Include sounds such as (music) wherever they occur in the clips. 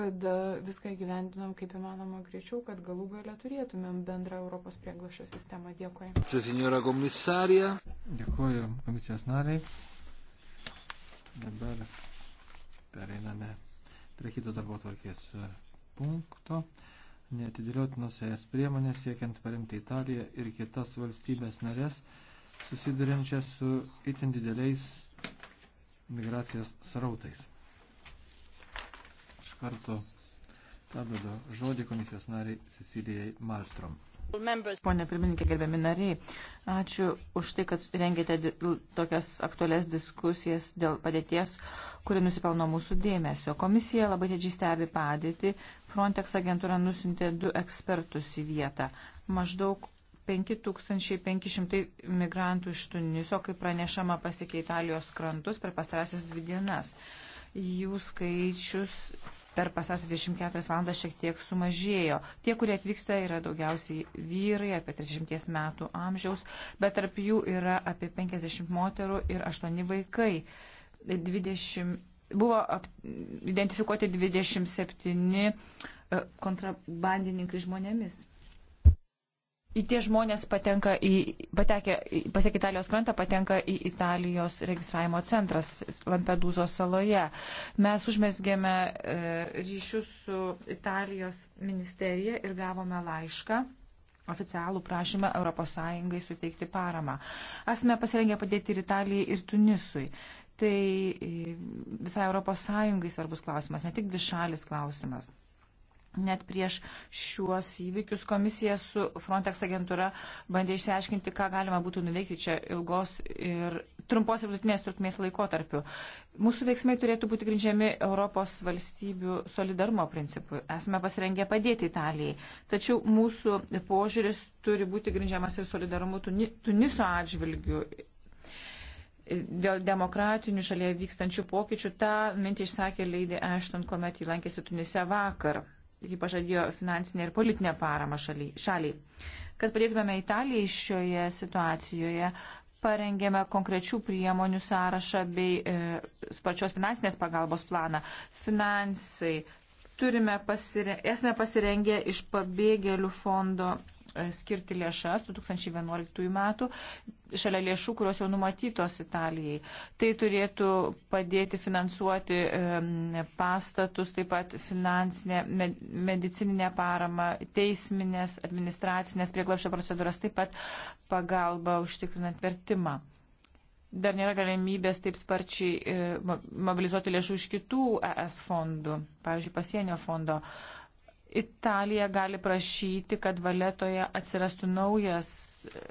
kad e, viską gyvendinam kaip įmanoma greičiau, kad galų galę turėtumėm bendrą Europos prieglašio sistemą. Dėkui. Dėkuoju komisijos nariai. Dabar pereiname prie kito darbo tvarkės e, punkto. Neatidėliotinos ES priemonės siekiant paremti Italiją ir kitas valstybės narės susiduriančias su itin dideliais migracijos srautais karto perdodu žodį komisijos nariai Cecilijai Malstrom. Pone pirmininkė, gerbiami nariai, ačiū už tai, kad rengėte tokias aktualias diskusijas dėl padėties, kuri nusipelno mūsų dėmesio. Komisija labai didžiai stebi padėtį. Frontex agentūra nusintė du ekspertus į vietą. Maždaug 5500 migrantų iš Tuniso, kaip pranešama, pasikeitė Italijos krantus per pastarasis dvi dienas jų skaičius per pasas 24 valandas šiek tiek sumažėjo. Tie, kurie atvyksta, yra daugiausiai vyrai apie 30 metų amžiaus, bet tarp jų yra apie 50 moterų ir 8 vaikai. 20, buvo identifikuoti 27 e, kontrabandininkai žmonėmis į tie žmonės patenka į, patekė, pasiek Italijos krantą, patenka į Italijos registravimo centras Lampedūzos saloje. Mes užmesgėme e, ryšius su Italijos ministerija ir gavome laišką oficialų prašymą ES suteikti paramą. Esame pasirengę padėti ir Italijai, ir Tunisui. Tai e, visai ES svarbus klausimas, ne tik dvišalis klausimas. Net prieš šiuos įvykius komisija su Frontex agentūra bandė išsiaiškinti, ką galima būtų nuveikti čia ilgos ir trumpos ir vidutinės trukmės laikotarpiu. Mūsų veiksmai turėtų būti grindžiami Europos valstybių solidarumo principu. Esame pasirengę padėti Italijai. Tačiau mūsų požiūris turi būti grindžiamas ir solidarumu Tuniso atžvilgiu dėl demokratinių šalyje vykstančių pokyčių. Ta mintį išsakė Leidė Ashton, kuomet jį lankėsi Tunise vakar ji pažadėjo finansinę ir politinę paramą šaliai. Kad padėtume Italijai šioje situacijoje, parengėme konkrečių priemonių sąrašą bei e, pačios finansinės pagalbos planą. Finansai turime pasire, esame pasirengę iš pabėgėlių fondo E, skirti lėšas 2011 metų šalia lėšų, kurios jau numatytos Italijai. Tai turėtų padėti finansuoti e, pastatus, taip pat finansinę, medicininę paramą, teisminės, administracinės prieglapšio procedūras, taip pat pagalba užtikrinant vertimą dar nėra galimybės taip sparčiai e, mobilizuoti lėšų iš kitų ES fondų, pavyzdžiui, pasienio fondo. Uh, Italija gali prašyti, kad valetoje atsirastų naujas e,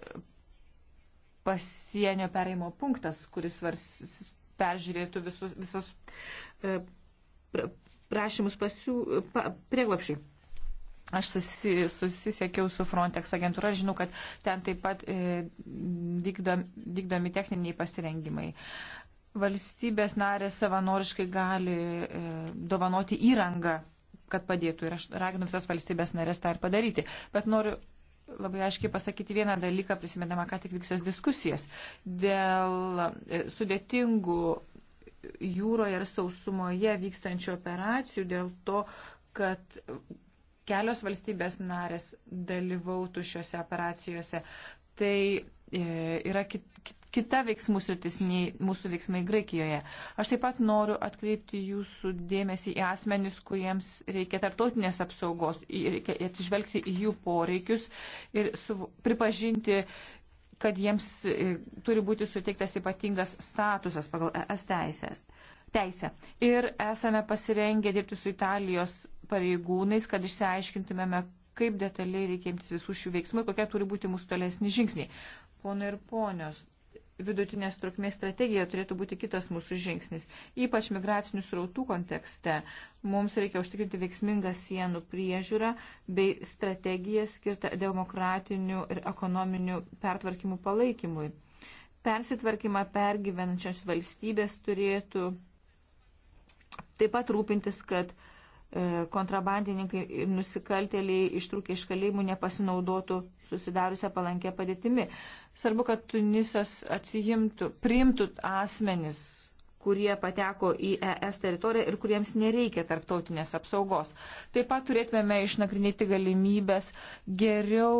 pasienio pereimo punktas, kuris vars, peržiūrėtų visus, visus e, prašymus pasiū, pa, prieglapšiai. Aš susi, susisiekiau su Frontex agentūra, žinau, kad ten taip pat e, vykdom, vykdomi techniniai pasirengimai. Valstybės narės savanoriškai gali e, dovanoti įrangą kad padėtų. Ir aš raginu visas valstybės narės tą ir padaryti. Bet noriu labai aiškiai pasakyti vieną dalyką, prisimindama ką tik vykusias diskusijas dėl e, sudėtingų jūroje ir sausumoje vykstančių operacijų, dėl to, kad kelios valstybės narės dalyvautų šiuose operacijose. Tai e, yra kit, kit, kita veiksmų sritis nei mūsų veiksmai Graikijoje. Aš taip pat noriu atkreipti jūsų dėmesį į asmenis, kuriems reikia tartautinės apsaugos, reikia atsižvelgti į jų poreikius ir su, pripažinti kad jiems e, turi būti suteiktas ypatingas statusas pagal ES teisės. Teisę. Ir esame pasirengę dirbti su Italijos pareigūnais, kad išsiaiškintumėme, kaip detaliai reikia imtis visų šių veiksmų ir kokie turi būti mūsų tolesni žingsniai. Pono ir ponios, vidutinės trukmės strategija turėtų būti kitas mūsų žingsnis. Ypač migracinių srautų kontekste mums reikia užtikrinti veiksmingą sienų priežiūrą bei strategiją skirtą demokratinių ir ekonominių pertvarkymų palaikymui. Persitvarkymą pergyvenančios valstybės turėtų taip pat rūpintis, kad uh, E, kontrabandininkai ir nusikaltėliai ištrūkę iš kalėjimų nepasinaudotų susidariusią palankę padėtimi. Svarbu, kad Tunisas atsijimtų, priimtų asmenis, kurie pateko į ES teritoriją ir kuriems nereikia tarptautinės apsaugos. Taip pat turėtume išnagrinėti galimybės geriau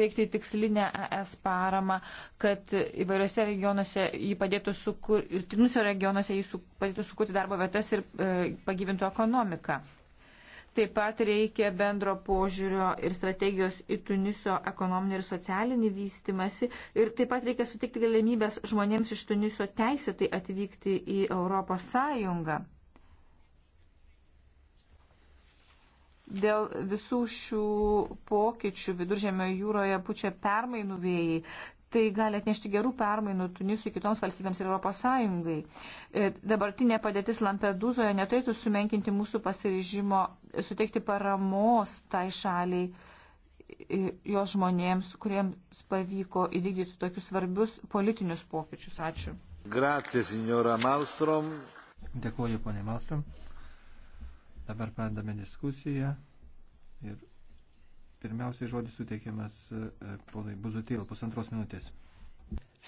teikti tikslinę ES paramą, kad įvairiose regionuose jį padėtų sukurti, ir Tunusio regionuose jį su, padėtų sukurti darbo vietas ir e, pagyvintų ekonomiką. Taip pat reikia bendro požiūrio ir strategijos į Tuniso ekonominį ir socialinį vystimasi. Ir taip pat reikia sutikti galimybės žmonėms iš Tuniso teisėtai atvykti į Europos Sąjungą. Dėl visų šių pokyčių viduržėmio jūroje pučia permainų vėjai. Tai gali atnešti gerų permainų Tunisui kitoms valstybėms ir Europos Sąjungai. E, dabartinė padėtis Lampedūzoje neturėtų sumenkinti mūsų pasiryžimo suteikti paramos tai šaliai e, jos žmonėms, kuriems pavyko įvykdyti tokius svarbius politinius pokyčius. Ačiū. Grazie, signora Malstrom. Dėkuoju, ponė Malstrom. Dabar pradame diskusiją ir Pirmiausiai žodis suteikiamas e, ponai Buzutil, pusantros minutės.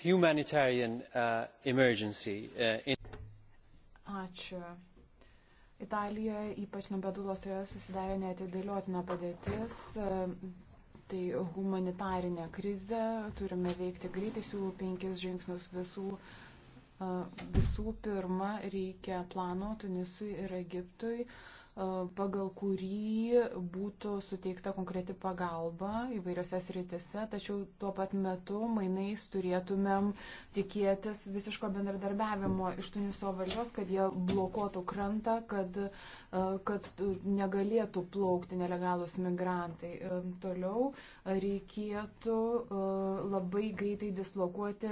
Humanitarian uh, emergency. Uh, in... Ačiū. Italijoje, ypač Lampeduloje, susidarė neatidėliotina padėtis. Tai humanitarinė krizė, turime veikti greitai, siūlau penkis žingsnius visų. Visų pirma, reikia plano Tunisui ir Egiptui. Uh, pagal kurį būtų suteikta konkreti pagalba įvairiose sritise, tačiau tuo pat metu mainais turėtumėm tikėtis visiško bendradarbiavimo iš Tuniso valdžios, kad jie blokuotų krantą, kad, kad negalėtų plaukti nelegalus migrantai. Toliau reikėtų labai greitai dislokuoti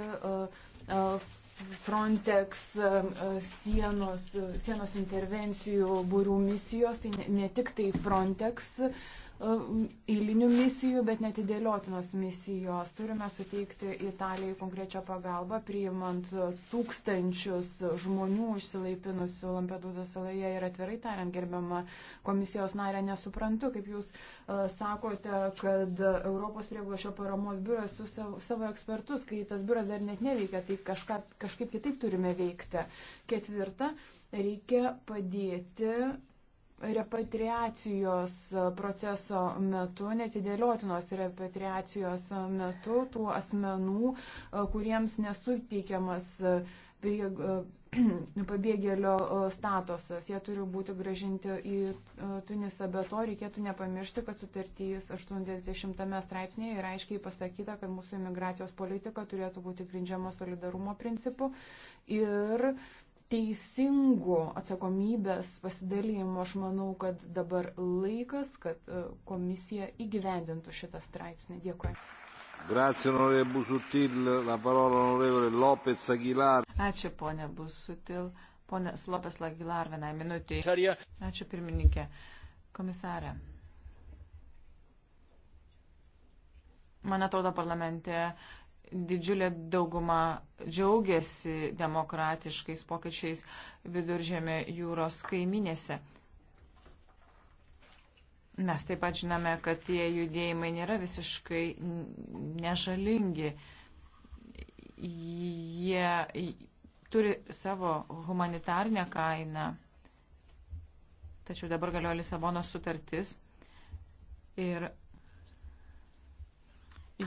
Frontex e, e, sienos, e, sienos intervencijų būrių misijos, tai ne, ne tik tai Frontex E, eilinių misijų, bet netidėliotinos misijos. Turime suteikti Italijai konkrečią pagalbą, priimant tūkstančius žmonių išsilaipinusių Lampedūzos saloje ir atvirai tariant, gerbiama komisijos narė, nesuprantu, kaip jūs e, sakote, kad Europos prieglošio paramos biuras su savo, savo ekspertus, kai tas biuras dar net neveikia, tai kažką, kažkaip kitaip turime veikti. Ketvirta, reikia padėti repatriacijos proceso metu, netidėliotinos repatriacijos metu tų asmenų, e, kuriems nesuteikiamas e, prie, e, (clears throat) pabėgėlio statusas. Jie turi būti gražinti į Tunisą, bet to reikėtų nepamiršti, kad sutartys 80 straipsnėje yra aiškiai pasakyta, kad mūsų imigracijos politika turėtų būti grindžiama solidarumo principu ir teisingų atsakomybės pasidalymų. Aš manau, kad dabar laikas, kad e, komisija įgyvendintų šitą straipsnį. Dėkui. Grazie, onorevole Busutil. La parola onorevole Lopez Aguilar. Ačiū, ponė Busutil. Pone Lopez Aguilar, vienai minutį. Ačiū, pirmininkė. Komisarė. Man atrodo, parlamente uh, didžiulė dauguma džiaugiasi demokratiškais pokyčiais viduržėme jūros kaiminėse. Mes taip pat žinome, kad tie judėjimai nėra visiškai nežalingi. Jie turi savo humanitarnę kainą. Tačiau dabar galioja Lisabonos sutartis ir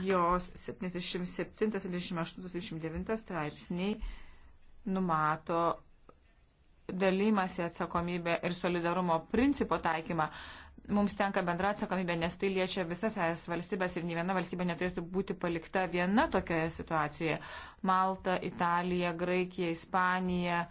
jos 77, 78, 79 straipsniai numato dalymasi atsakomybę ir solidarumo principo taikymą. Mums tenka bendra atsakomybė, nes tai liečia visas es valstybės ir nei viena valstybė neturėtų būti palikta viena tokioje situacijoje. Malta, Italija, Graikija, Ispanija,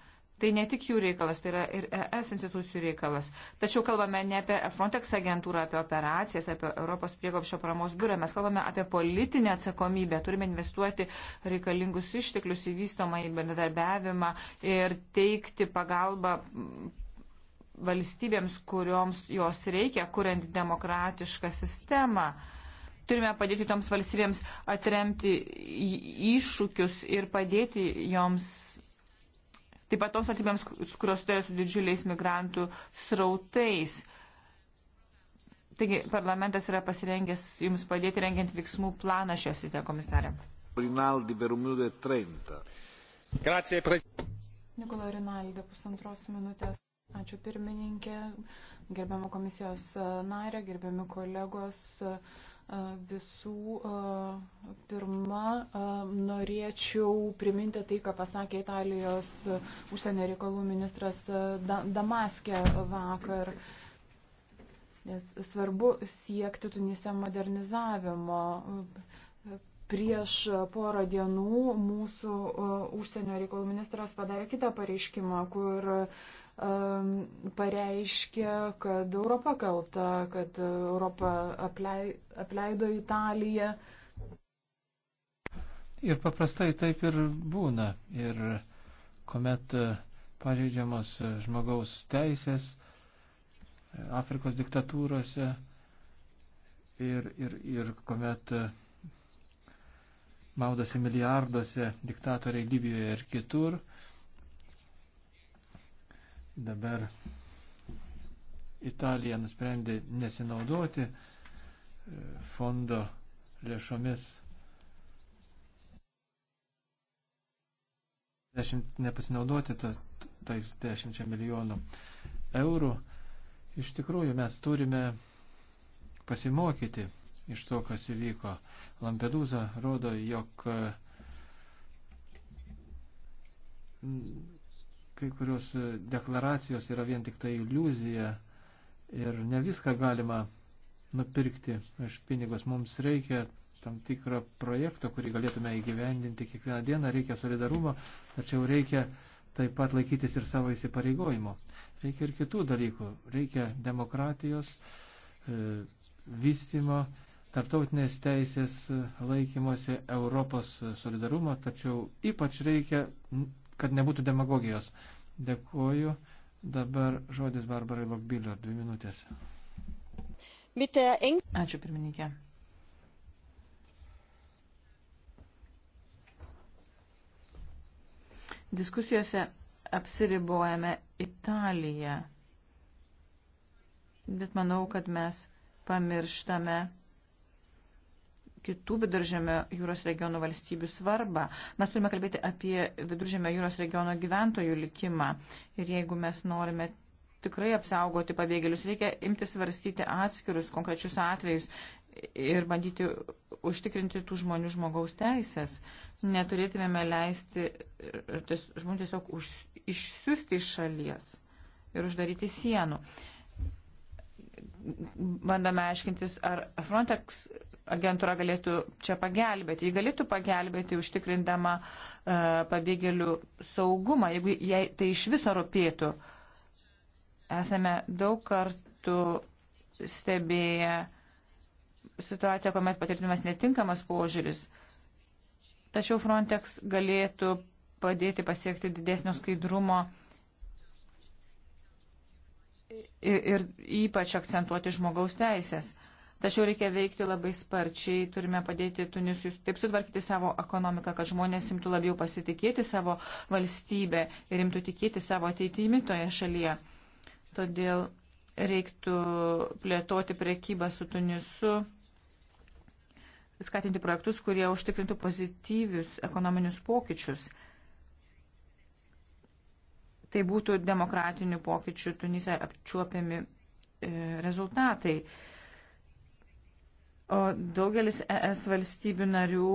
Tai ne tik jų reikalas, tai yra ir ES institucijų reikalas. Tačiau kalbame ne apie Frontex agentūrą, apie operacijas, apie Europos prieglopšio paramos biurą. Mes kalbame apie politinę atsakomybę. Turime investuoti reikalingus išteklius į vystomą į bendradarbiavimą ir teikti pagalbą valstybėms, kurioms jos reikia, kuriant demokratišką sistemą. Turime padėti toms valstybėms atremti iššūkius ir padėti joms Taip pat toms valstybėms, kurios stoja su didžiuliais migrantų srautais. Taigi parlamentas yra pasirengęs jums padėti rengiant veiksmų planą šios rytė, komisarė. Rinaldi per 1.30. E Grazie, prezidentė. Nikola Rinaldi, pusantros minutės. Ačiū pirmininkė, gerbiamo komisijos e, narė, gerbiami kolegos. Uh, Visų pirma, norėčiau priminti tai, ką pasakė Italijos užsienio reikalų ministras Damaskė vakar. Nes svarbu siekti Tunise modernizavimo. Prieš porą dienų mūsų užsienio reikalų ministras padarė kitą pareiškimą, kur pareiškė, kad Europa kalta, kad Europa apleido Italiją. Ir paprastai taip ir būna. Ir kuomet pažeidžiamos žmogaus teisės Afrikos diktatūrose ir, ir, ir kuomet maudosi milijarduose diktatoriai Libijoje ir kitur, Dabar Italija nusprendė nesinaudoti e, fondo lėšomis. Dešimt, nepasinaudoti ta, tais 10 milijonų eurų. Iš tikrųjų, mes turime pasimokyti iš to, kas įvyko. Lampedusa rodo, jog kai kurios e, deklaracijos yra vien tik tai iliuzija ir ne viską galima nupirkti už pinigus. Mums reikia tam tikro projekto, kurį galėtume įgyvendinti kiekvieną dieną, reikia solidarumo, tačiau reikia taip pat laikytis ir savo įsipareigojimo. Reikia ir kitų dalykų. Reikia demokratijos, e, vystimo, tarptautinės teisės laikymosi, Europos solidarumo, tačiau ypač reikia kad nebūtų demagogijos. Dėkuoju. Dabar žodis Barbarai Lokbilio, dvi minutės. Ačiū pirmininkė. Diskusijose apsiribuojame Italiją, bet manau, kad mes pamirštame kitų viduržėmio jūros regionų valstybių svarbą. Mes turime kalbėti apie viduržėmio jūros regiono gyventojų likimą. Ir jeigu mes norime tikrai apsaugoti pabėgėlius, reikia imti svarstyti atskirus konkrečius atvejus ir bandyti užtikrinti tų žmonių žmogaus teisės. Neturėtumėme leisti žmonių tiesiog už, išsiųsti iš šalies ir uždaryti sienų. Bandame aiškintis, ar Frontex agentūra galėtų čia pagelbėti. Ji galėtų pagelbėti užtikrindama e, pabėgėlių saugumą, jeigu jai tai iš viso rūpėtų. Esame daug kartų stebėję situaciją, kuomet patirtimas netinkamas požiūris. Tačiau Frontex galėtų padėti pasiekti didesnio skaidrumo ir, ir ypač akcentuoti žmogaus teisės. Tačiau reikia veikti labai sparčiai, turime padėti Tunisui taip sutvarkyti savo ekonomiką, kad žmonės imtų labiau pasitikėti savo valstybę ir imtų tikėti savo ateitimi toje šalyje. Todėl reiktų plėtoti priekybą su Tunisu, skatinti projektus, kurie užtikrintų pozityvius ekonominius pokyčius. Tai būtų demokratinių pokyčių Tunise apčiuopiami e, rezultatai o daugelis ES valstybių narių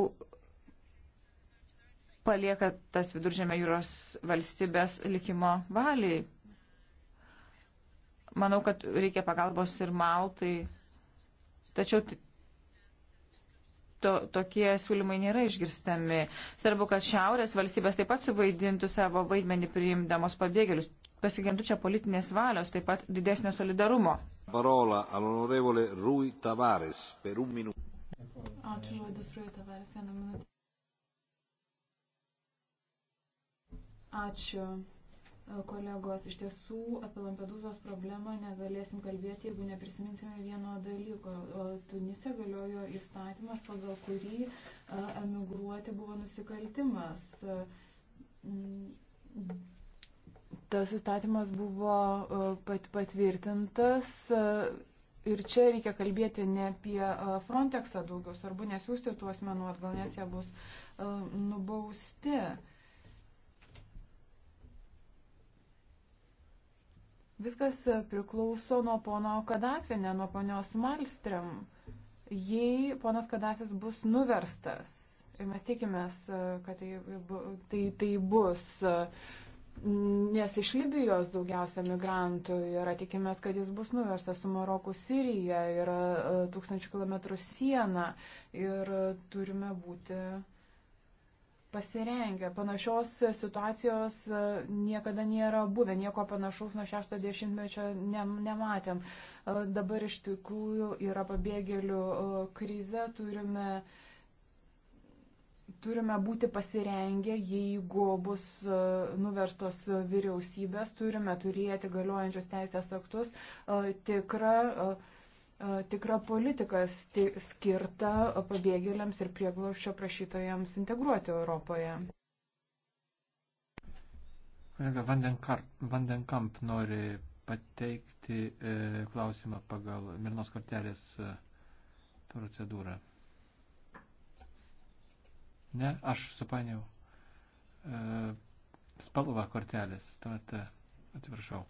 palieka tas viduržėmė jūros valstybės likimo valiai. Manau, kad reikia pagalbos ir Maltai, tačiau to, tokie siūlymai nėra išgirstami. Svarbu, kad šiaurės valstybės taip pat suvaidintų savo vaidmenį priimdamos pabėgėlius pasigendu čia politinės valios, taip pat didesnio solidarumo. Parola all'onorevole Rui Tavares per un minuto. Ačiū žodis Rui Tavares, vieną minutę. Ačiū kolegos. Iš tiesų apie Lampedūzos problemą negalėsim kalbėti, jeigu neprisiminsime vieno dalyko. Tunise galiojo įstatymas, pagal kurį emigruoti buvo nusikaltimas tas įstatymas buvo e, pat, patvirtintas. E, ir čia reikia kalbėti ne apie e, Frontexą daugiau, svarbu nesiųsti tų asmenų atgal, nes jie bus nubausti. Viskas priklauso nuo pono Kadafi, ne nuo ponios Malstrem. Jei ponas Kadafis bus nuverstas, mes tikimės, kad tai, tai, tai bus. Uh, Nes iš Libijos daugiausia migrantų yra tikimės, kad jis bus nuverstas su Maroku Sirija, yra e, tūkstančių kilometrų siena ir turime būti pasirengę. Panašios situacijos e, niekada nėra buvę, nieko panašaus nuo 60-mečio ne, nematėm. E, dabar iš tikrųjų yra pabėgėlių krize, turime uh, turime būti pasirengę, jeigu bus e, nuverstos vyriausybės, turime turėti galiojančius teisės aktus e, tikrą, e, tikrą politiką skirtą pabėgėliams ir prieglaušio prašytojams integruoti Europoje. Kolega Vandenkamp nori pateikti e, klausimą pagal Mirnos kortelės e, procedūrą. Ne, aš supaniau e, spalvą kortelės. Tuomet e, atsiprašau.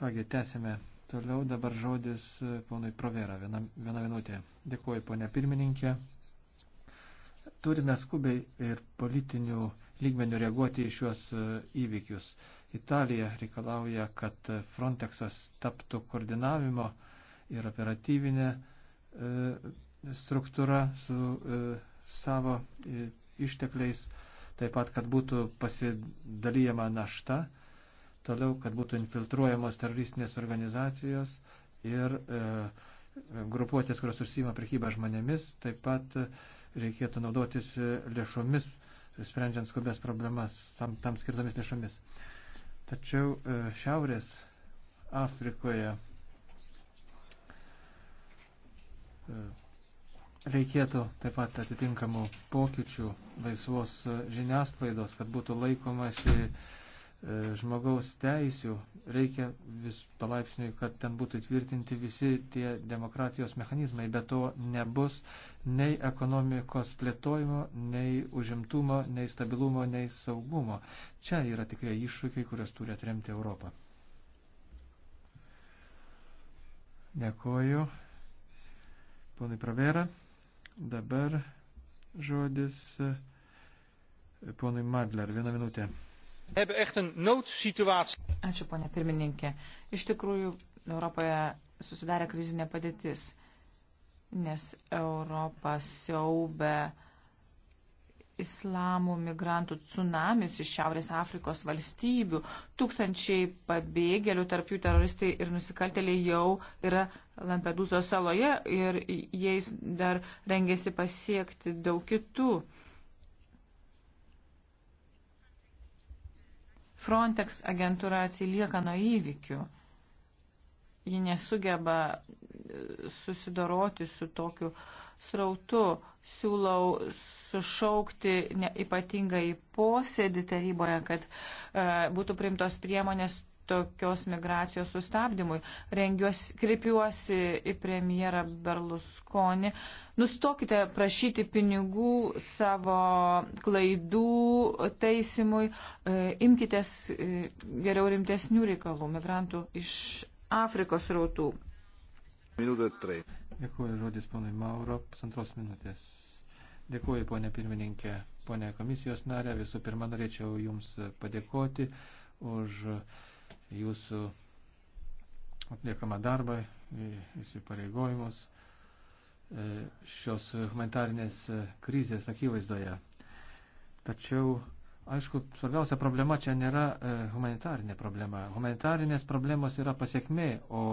Kągi, tęsime toliau. Dabar žodis e, ponui Provera. Viena, viena minutė. Dėkuoju, ponė pirmininkė. Turime skubiai ir politinių lygmenių reaguoti į šiuos e, įvykius. Italija reikalauja, kad Frontexas taptų koordinavimo ir operatyvinę struktūra su savo e, ištekliais, taip pat, kad būtų pasidalyjama našta, toliau, kad būtų infiltruojamos teroristinės organizacijos ir e, grupuotės, kurios užsima prekybą žmonėmis, taip pat e, reikėtų naudotis e, lėšomis, sprendžiant skubės problemas tam, tam skirtomis lėšomis. Tačiau e, Šiaurės Afrikoje e, Reikėtų taip pat atitinkamų pokyčių laisvos žiniasklaidos, kad būtų laikomasi e, žmogaus teisių. Reikia vis palaipsniui, kad ten būtų tvirtinti visi tie demokratijos mechanizmai, bet to nebus nei ekonomikos plėtojimo, nei užimtumo, nei stabilumo, nei saugumo. Čia yra tikrai iššūkiai, kuriuos turi atremti Europą. Dėkoju. Ponai Pravera. Dabar žodis e, ponui Madler. Vieną minutę. Ačiū, ponė pirmininkė. Iš tikrųjų, Europoje susidarė krizinė padėtis, nes Europą siaubė. Be islamų migrantų tsunamis iš Šiaurės Afrikos valstybių. Tūkstančiai pabėgėlių, tarp jų teroristai ir nusikaltėliai jau yra Lampedūzo saloje ir jais dar rengėsi pasiekti daug kitų. Frontex agentūra atsilieka nuo įvykių. Ji nesugeba susidoroti su tokiu srautu siūlau sušaukti ypatingai posėdį taryboje, kad e, būtų primtos priemonės tokios migracijos sustabdymui. Rengiuosi, kreipiuosi į premjerą Berlusconi. Nustokite prašyti pinigų savo klaidų taisimui, e, imkitės e, geriau rimtesnių reikalų migrantų iš Afrikos rautų. Minutė 3. Dėkuoju žodis ponui Mauro, pusantros minutės. Dėkuoju, ponė pirmininkė, ponė komisijos narė. Visų pirma, norėčiau Jums padėkoti už Jūsų atliekamą darbą, įsipareigojimus e, šios humanitarinės krizės akivaizdoje. Tačiau, aišku, svarbiausia problema čia nėra e, humanitarinė problema. Humanitarinės problemos yra pasiekmė, o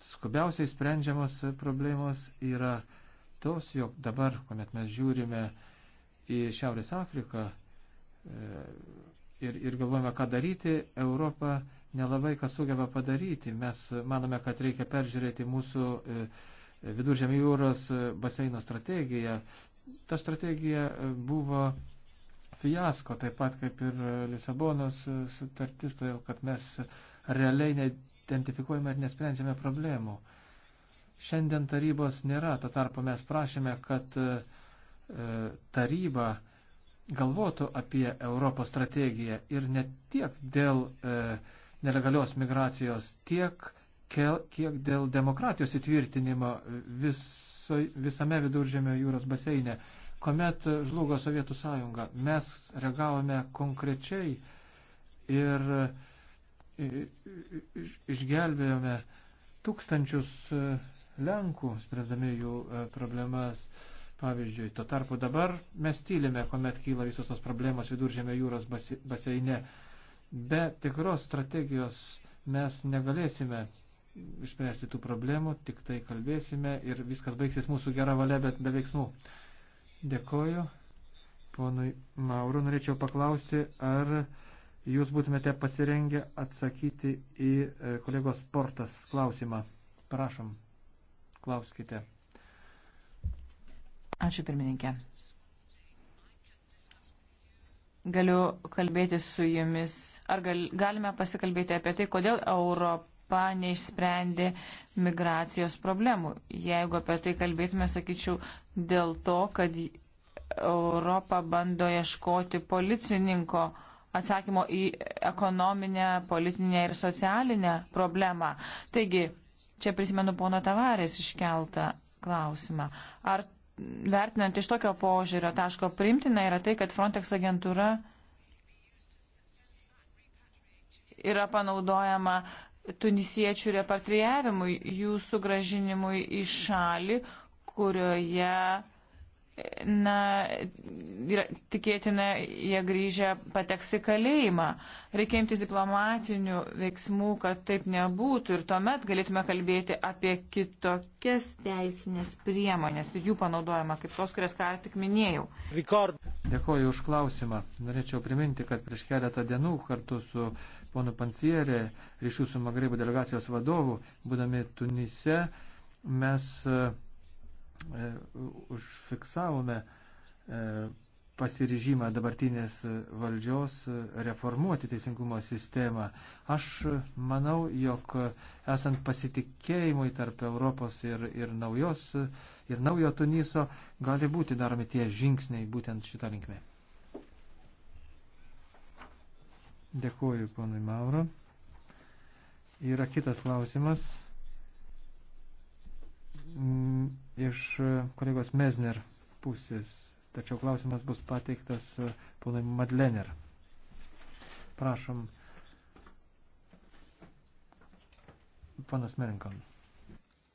skubiausiai sprendžiamos problemos yra tos, jog dabar, kuomet mes žiūrime į Šiaurės Afriką e, ir, ir galvojame, ką daryti, Europa nelabai ką sugeba padaryti. Mes manome, kad reikia peržiūrėti mūsų e, viduržėmio jūros e, baseino strategiją. Ta strategija buvo fiasko, taip pat kaip ir Lisabonos sutartis, todėl kad mes realiai identifikuojame ir nesprendžiame problemų. Šiandien tarybos nėra, to tarpo mes prašėme, kad e, taryba galvotų apie Europos strategiją ir ne tiek dėl e, nelegalios migracijos, tiek kel, kiek dėl demokratijos įtvirtinimo viso, visame viduržėmio jūros baseine. Komet žlugo Sovietų sąjunga, mes reagavome konkrečiai ir e, išgelbėjome tūkstančius e, Lenkų, spręsdami jų e, problemas. Pavyzdžiui, to tarpu dabar mes tylime, kuomet kyla visos tos problemos viduržėmio jūros baseine. Be tikros strategijos mes negalėsime išspręsti tų problemų, tik tai kalbėsime ir viskas baigsis mūsų gera valia, bet be veiksmų. Dėkoju. Ponui Mauru norėčiau paklausti, ar jūs būtumėte pasirengę atsakyti į e, kolegos sportas klausimą. Prašom, klauskite. Ačiū pirmininkė. Galiu kalbėti su jumis. Ar gal, galime pasikalbėti apie tai, kodėl Europa neišsprendė migracijos problemų? Jeigu apie tai kalbėtume, sakyčiau, dėl to, kad Europa bando ieškoti policininko uh, atsakymo į ekonominę, politinę ir socialinę problemą. Taigi, čia prisimenu pono Tavarės iškeltą klausimą. Ar vertinant iš tokio požiūrio taško primtina yra tai, kad Frontex agentūra yra panaudojama tunisiečių repatrijavimui, jų sugražinimui į šalį, kurioje na, tikėtina, jie grįžę pateks į kalėjimą. Reikia imtis diplomatinių veiksmų, kad taip nebūtų ir tuomet galėtume kalbėti apie kitokias teisinės priemonės ir tai jų panaudojimą, kaip tos, kurias ką tik minėjau. Record. Dėkuoju už klausimą. Norėčiau priminti, kad prieš keletą dienų kartu su ponu Pansierė, ryšių su Magrebo delegacijos vadovu, būdami Tunise, mes uh, E, užfiksavome e, pasiryžimą dabartinės valdžios e, reformuoti teisingumo sistemą. Aš manau, jog esant pasitikėjimui tarp Europos ir, ir, naujos, ir naujo Tuniso gali būti daromi tie žingsniai būtent šitą linkmę. Dėkuoju, ponui Mauro. Yra kitas klausimas. Mm, iš e, kolegos Mezner pusės, tačiau klausimas bus pateiktas e, ponui Madlener. Prašom, ponas Merinkon.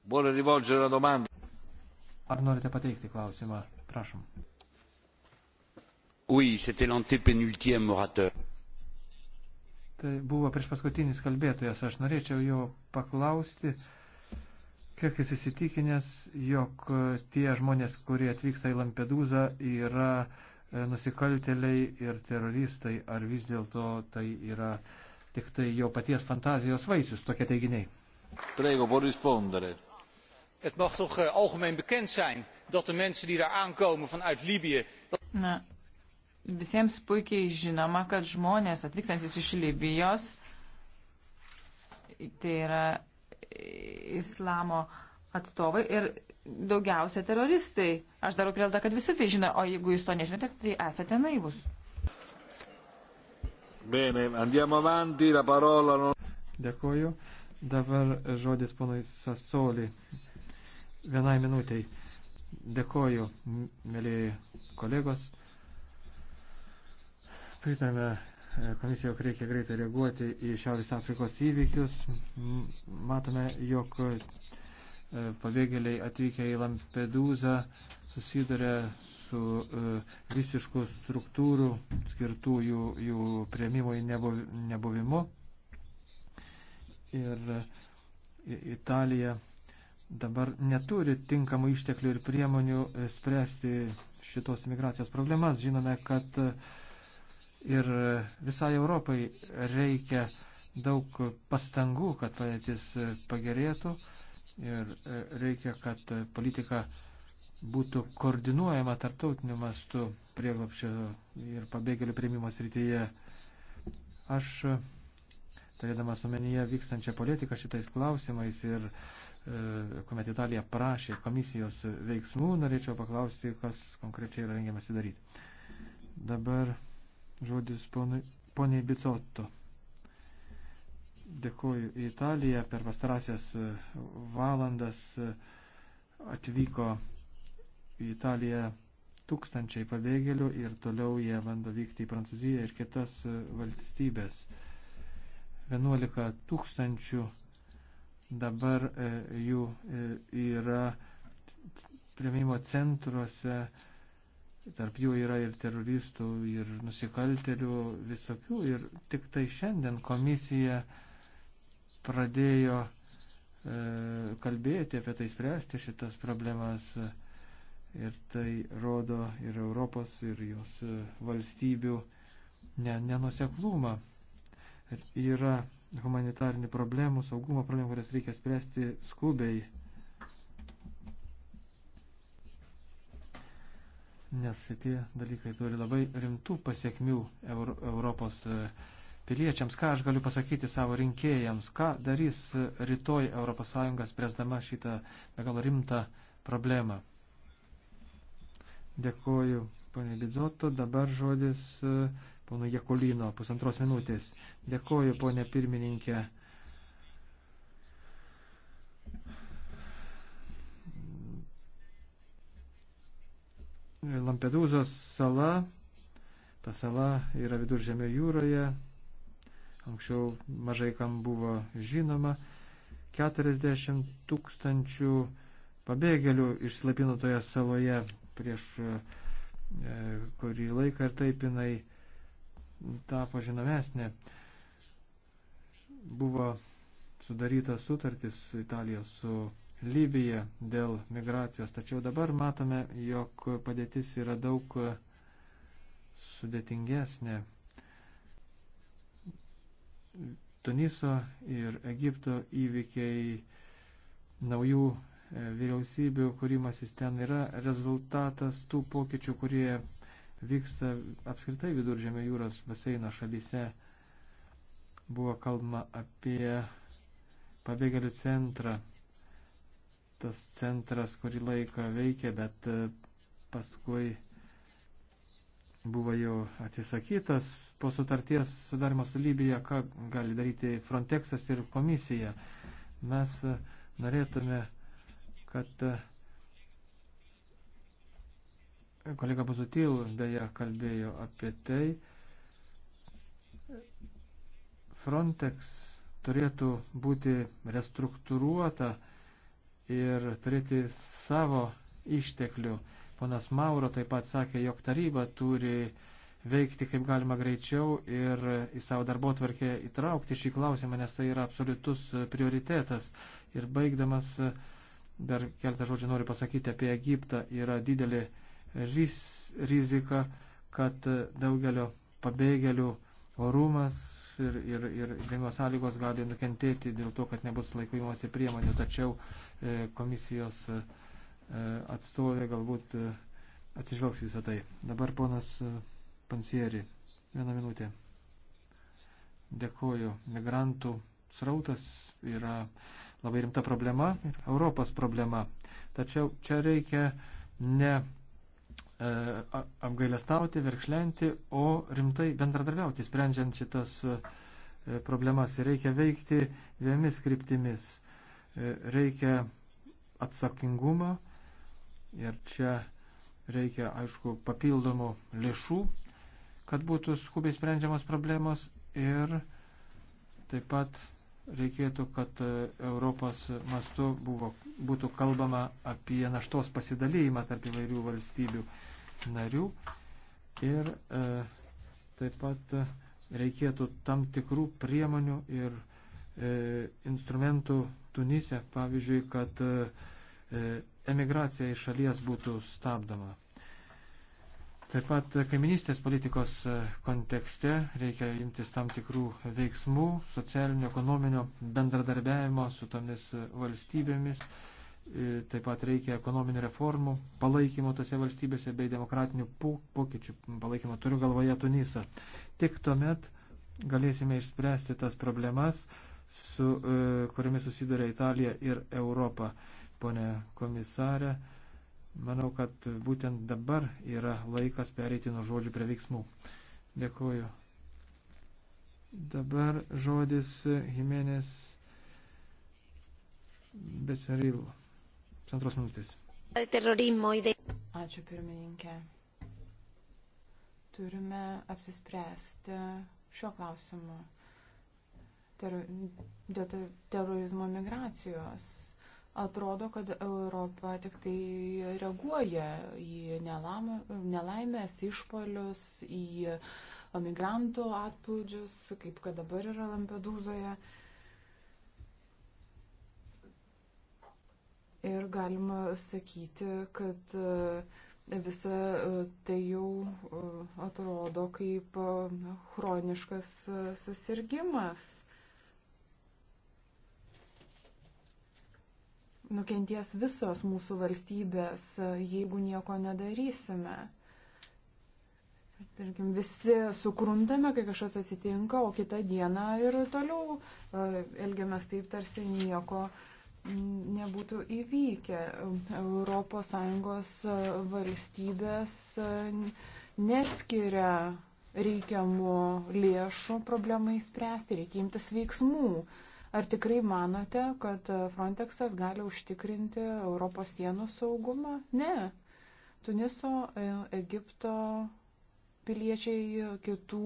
Vuole rivolgere la domanda. Ar norite pateikti klausimą? Prašom. Oui, c'était l'antépénultième orateur. Tai buvo prieš paskutinis kalbėtojas. Aš norėčiau jo paklausti, uh, Kiek jis įsitikinęs, jog tie žmonės, kurie atvyksta į Lampedūzą, yra e, nusikalteliai ir teroristai, ar vis dėlto tai yra tik tai jo paties fantazijos vaisius, tokie teiginiai. Prego, può rispondere. Het mag toch uh, algemeen bekend zijn dat de mensen die daar aankomen vanuit Libië. Na, visiems puikiai žinoma, kad žmonės atvykstantis iš Libijos, tai yra islamo atstovai ir daugiausia teroristai. Aš darau prielaidą, kad visi tai žino, o jeigu jūs to nežinote, tai esate naivus. Bene, andiamo avanti, la parola non... Dėkuoju. Dabar žodis ponui Sasoli. Vienai minutiai. Dėkuoju, mėlyje kolegos. Pritarėme komisija, e, jog reikia greitai reaguoti į Šiaurės Afrikos įvykius. Matome, jog e, pabėgėliai atvykę į Lampedūzą susiduria su e, visiškų struktūrų skirtų jų, jų prieimimui nebuvimu. Ir Italija dabar neturi tinkamų išteklių ir priemonių spręsti šitos migracijos problemas. Žinome, kad uh, Ir visai Europai reikia daug pastangų, kad padėtis pagerėtų ir reikia, kad politika būtų koordinuojama tarptautiniu mastu prieglopščio ir pabėgėlių prieimimo srityje. Aš, turėdamas omenyje vykstančią politiką šitais klausimais ir e, kuomet Italija prašė komisijos veiksmų, norėčiau paklausti, kas konkrečiai yra rengiamasi daryti. Dabar Žodis ponui, poniai Bicotto. Dėkuoju. Į Italiją per pastarasias e, valandas e, atvyko į Italiją tūkstančiai pabėgėlių ir toliau jie bando vykti į Prancūziją ir kitas e, valstybės. 11 tūkstančių dabar jų yra prieimimo centruose Tarp jų yra ir teroristų, ir nusikaltelių visokių. Ir tik tai šiandien komisija pradėjo e, kalbėti apie tai, spręsti šitas problemas. Ir tai rodo ir Europos, ir jos e, valstybių ne, nenuseklumą. Ir yra humanitarinių problemų, saugumo problemų, kurias reikia spręsti skubiai nes tie dalykai turi labai rimtų pasiekmių Euro, Europos e, piliečiams. Ką aš galiu pasakyti savo rinkėjams, ką darys e, rytoj ES spręsdama šitą be galo rimtą problemą. Dėkuoju, ponė Bidzoto. Dabar žodis e, pono Jekolino pusantros minutės. Dėkuoju, ponė pirmininkė. Lampedūzos sala, ta sala yra viduržėmio jūroje, anksčiau mažai kam buvo žinoma, 40 tūkstančių pabėgėlių išsilapino toje saloje prieš e, kurį laiką ir taip jinai tapo žinomesnė. Buvo sudarytas sutartis Italijos su Libiją dėl migracijos. Tačiau dabar matome, jog padėtis yra daug sudėtingesnė. Tuniso ir Egipto įvykiai naujų e, vyriausybių kūrimasis ten yra rezultatas tų pokyčių, kurie vyksta apskritai viduržėmio jūros baseino šalyse. Buvo kalbama apie pabėgėlių centrą tas centras kurį laiką veikė, bet e, paskui buvo jau atsisakytas po sutarties sudarimo su Libija, ką gali daryti Frontexas ir komisija. Mes e, norėtume, kad e, kolega Buzutil beje kalbėjo apie tai, Frontex turėtų būti restruktūruota, ir turėti savo išteklių. Ponas Mauro taip pat sakė, jog taryba turi veikti kaip galima greičiau ir į savo darbo tvarkę įtraukti šį klausimą, nes tai yra absoliutus prioritetas. Ir baigdamas, dar keletą žodžių noriu pasakyti apie Egiptą, yra didelė riz, rizika, kad daugelio pabėgėlių orumas ir, ir, ir gyvenimo sąlygos gali nukentėti dėl to, kad nebus laikymosi priemonių, tačiau e, komisijos e, atstovė galbūt e, atsižvelgs visą tai. Dabar ponas e, Pansieri, vieną minutę. Dėkoju. Migrantų srautas yra labai rimta problema, Europos problema. Tačiau čia reikia ne E, apgailestauti, verkšlenti, o rimtai bendradarbiauti, sprendžiant šitas e, problemas. Reikia veikti dviemis kryptimis. E, reikia atsakingumo ir čia reikia, aišku, papildomų lėšų, kad būtų skubiai sprendžiamos problemos ir taip pat reikėtų, kad e, Europos mastu buvo, būtų kalbama apie naštos pasidalėjimą tarp įvairių valstybių narių ir e, taip pat e, reikėtų tam tikrų priemonių ir e, instrumentų Tunise, pavyzdžiui, kad e, emigracija iš šalies būtų stabdoma. Taip pat kaiminystės politikos kontekste reikia imtis tam tikrų veiksmų, socialinio, ekonominio bendradarbiavimo su tomis valstybėmis. Taip pat reikia ekonominių reformų, palaikymo tose valstybėse bei demokratinių pokyčių palaikymo. Turiu galvoje Tunisą. Tik tuomet galėsime išspręsti tas problemas, su e, kuriamis susiduria Italija ir Europa. Pone komisarė, Manau, kad būtent dabar yra laikas pereiti nuo žodžių prie veiksmų. Dėkuoju. Dabar žodis Jimenės Beceril. Centros minutės. Ačiū pirmininkė. Turime apsispręsti šiuo klausimu ter, dėl terorizmo migracijos atrodo, kad Europa tik tai reaguoja į nelaimės, išpolius, į migrantų atplūdžius, kaip kad dabar yra Lampedūzoje. Ir galima sakyti, kad e, visa e, tai jau e, atrodo kaip chroniškas susirgymas nukenties visos mūsų valstybės, e, jeigu nieko nedarysime. Tarkim, visi sukruntame, kai kažkas atsitinka, o kitą dieną ir toliau e, elgiamės taip, tarsi nieko nebūtų įvykę. ES e, valstybės neskiria reikiamų lėšų problemai spręsti, reikia imtis veiksmų. Uh, Ar tikrai manote, kad Frontexas gali užtikrinti Europos sienų saugumą? Ne. Tuniso, e, Egipto piliečiai, kitų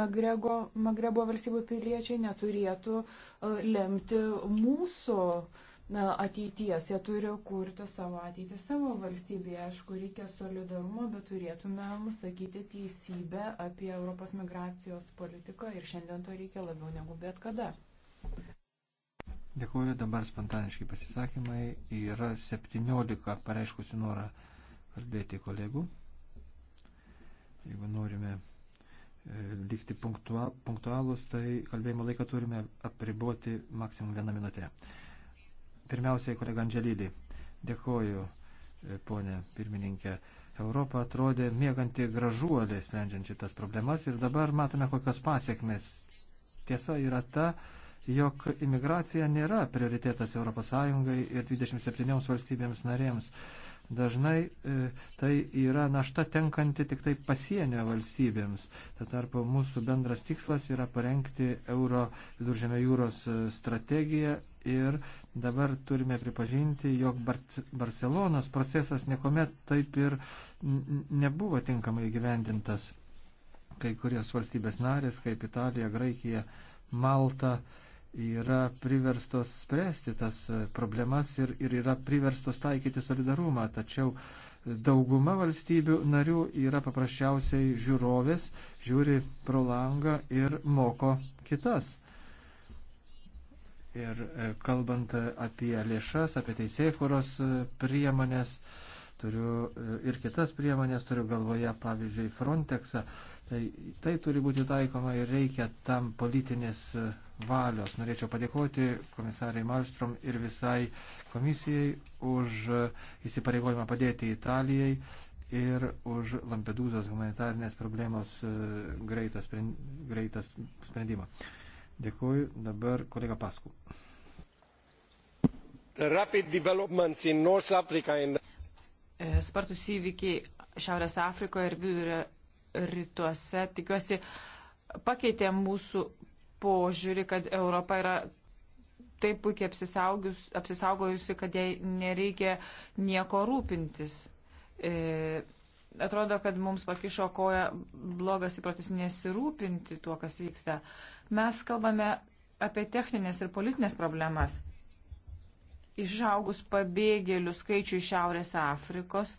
Magrego, Magrebo valstybių piliečiai neturėtų e, lemti mūsų e, ateities. Jie turi kurti savo ateitį savo valstybėje. Aišku, reikia solidarumo, bet turėtume sakyti teisybę apie Europos migracijos politiką ir šiandien to reikia labiau negu bet kada. Dėkuoju, dabar spontaniški pasisakymai. Yra 17 pareiškusių norą kalbėti kolegų. Jeigu norime e, likti punktualus, tai kalbėjimo laiką turime apriboti maksimum vieną minutę. Pirmiausiai, kolega Andželylį, dėkoju, e, ponė pirmininkė. Europa atrodė mėganti gražuolė, sprendžiant šitas problemas ir dabar matome, kokios pasiekmes. Tiesa yra ta, jog imigracija nėra prioritetas ES ir 27 valstybėms narėms. Dažnai e, tai yra našta tenkanti tik tai pasienio valstybėms. Tad tarpo mūsų bendras tikslas yra parengti Euro viduržėmio jūros e, strategiją ir dabar turime pripažinti, jog Bar Barcelonos procesas niekuomet taip ir nebuvo tinkamai gyvendintas. Kai kurios valstybės narės, kaip Italija, Graikija, Malta, yra priverstos spręsti tas e, problemas ir, ir yra priverstos taikyti solidarumą. Tačiau dauguma valstybių narių yra paprasčiausiai žiūrovės, žiūri pro langą ir moko kitas. Ir e, kalbant e, apie lėšas, apie teisėkuros priemonės, turiu ir kitas priemonės, turiu galvoje, pavyzdžiui, Frontexą, tai, tai turi būti taikoma ir reikia tam politinės valios. Norėčiau padėkoti komisarai Malmström ir visai komisijai už įsipareigojimą padėti Italijai ir už Lampedūzos humanitarnės problemos e, greitą, sprend, greitą sprendimą. Dėkuoju. Dabar kolega Pasku. In... E, spartus įvykiai Šiaurės Afrikoje ir vidurio rytuose, tikiuosi, pakeitė mūsų požiūrį, kad Europa yra taip puikiai apsisaugojusi, kad jai nereikia nieko rūpintis. E, atrodo, kad mums pakišo koja blogas įprotis nesirūpinti tuo, kas vyksta. Mes kalbame apie techninės ir politinės problemas. Išaugus pabėgėlių skaičių iš Šiaurės Afrikos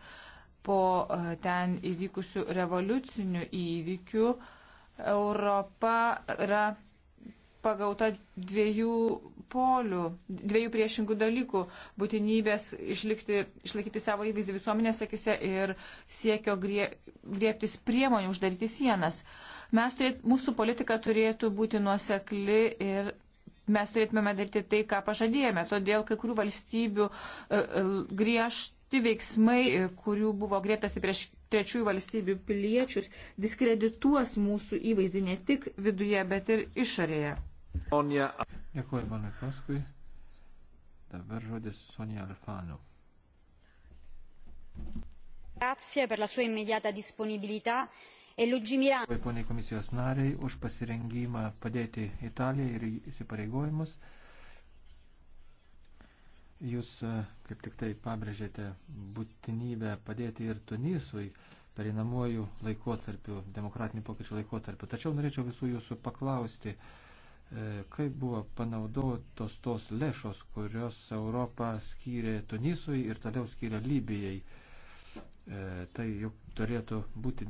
po e, ten įvykusių revoliucinių įvykių, Europa yra pagauta dviejų polių, dviejų priešingų dalykų - būtinybės išlikti, išlaikyti savo įvaizdį visuomenės akise ir siekio grie, griebtis priemonių uždaryti sienas. Mes turėt, mūsų politika turėtų būti nuosekli ir mes turėtume daryti tai, ką pažadėjome. Todėl kai kurių valstybių e, e, griežti veiksmai, e, kurių buvo grėtasi prieš trečiųjų valstybių piliečius, diskredituos mūsų įvaizdį ne tik viduje, bet ir išorėje. Dėkuoju, ponai Paskui. Dabar žodis Sonia Alfano. Grazie per la sua immediata disponibilità e lungimiranza. Pone komisijos nariai už pasirengimą padėti Italijai ir įsipareigojimus. Jūs e, kaip tik tai pabrėžėte būtinybę padėti ir Tunisui perinamuoju laikotarpiu, demokratiniu pokyčių laikotarpiu. Tačiau norėčiau visų jūsų paklausti, uh, E, kaip buvo panaudotos tos lėšos, kurios Europą skyrė Tunisui ir toliau skyrė Libijai. E, tai juk turėtų būti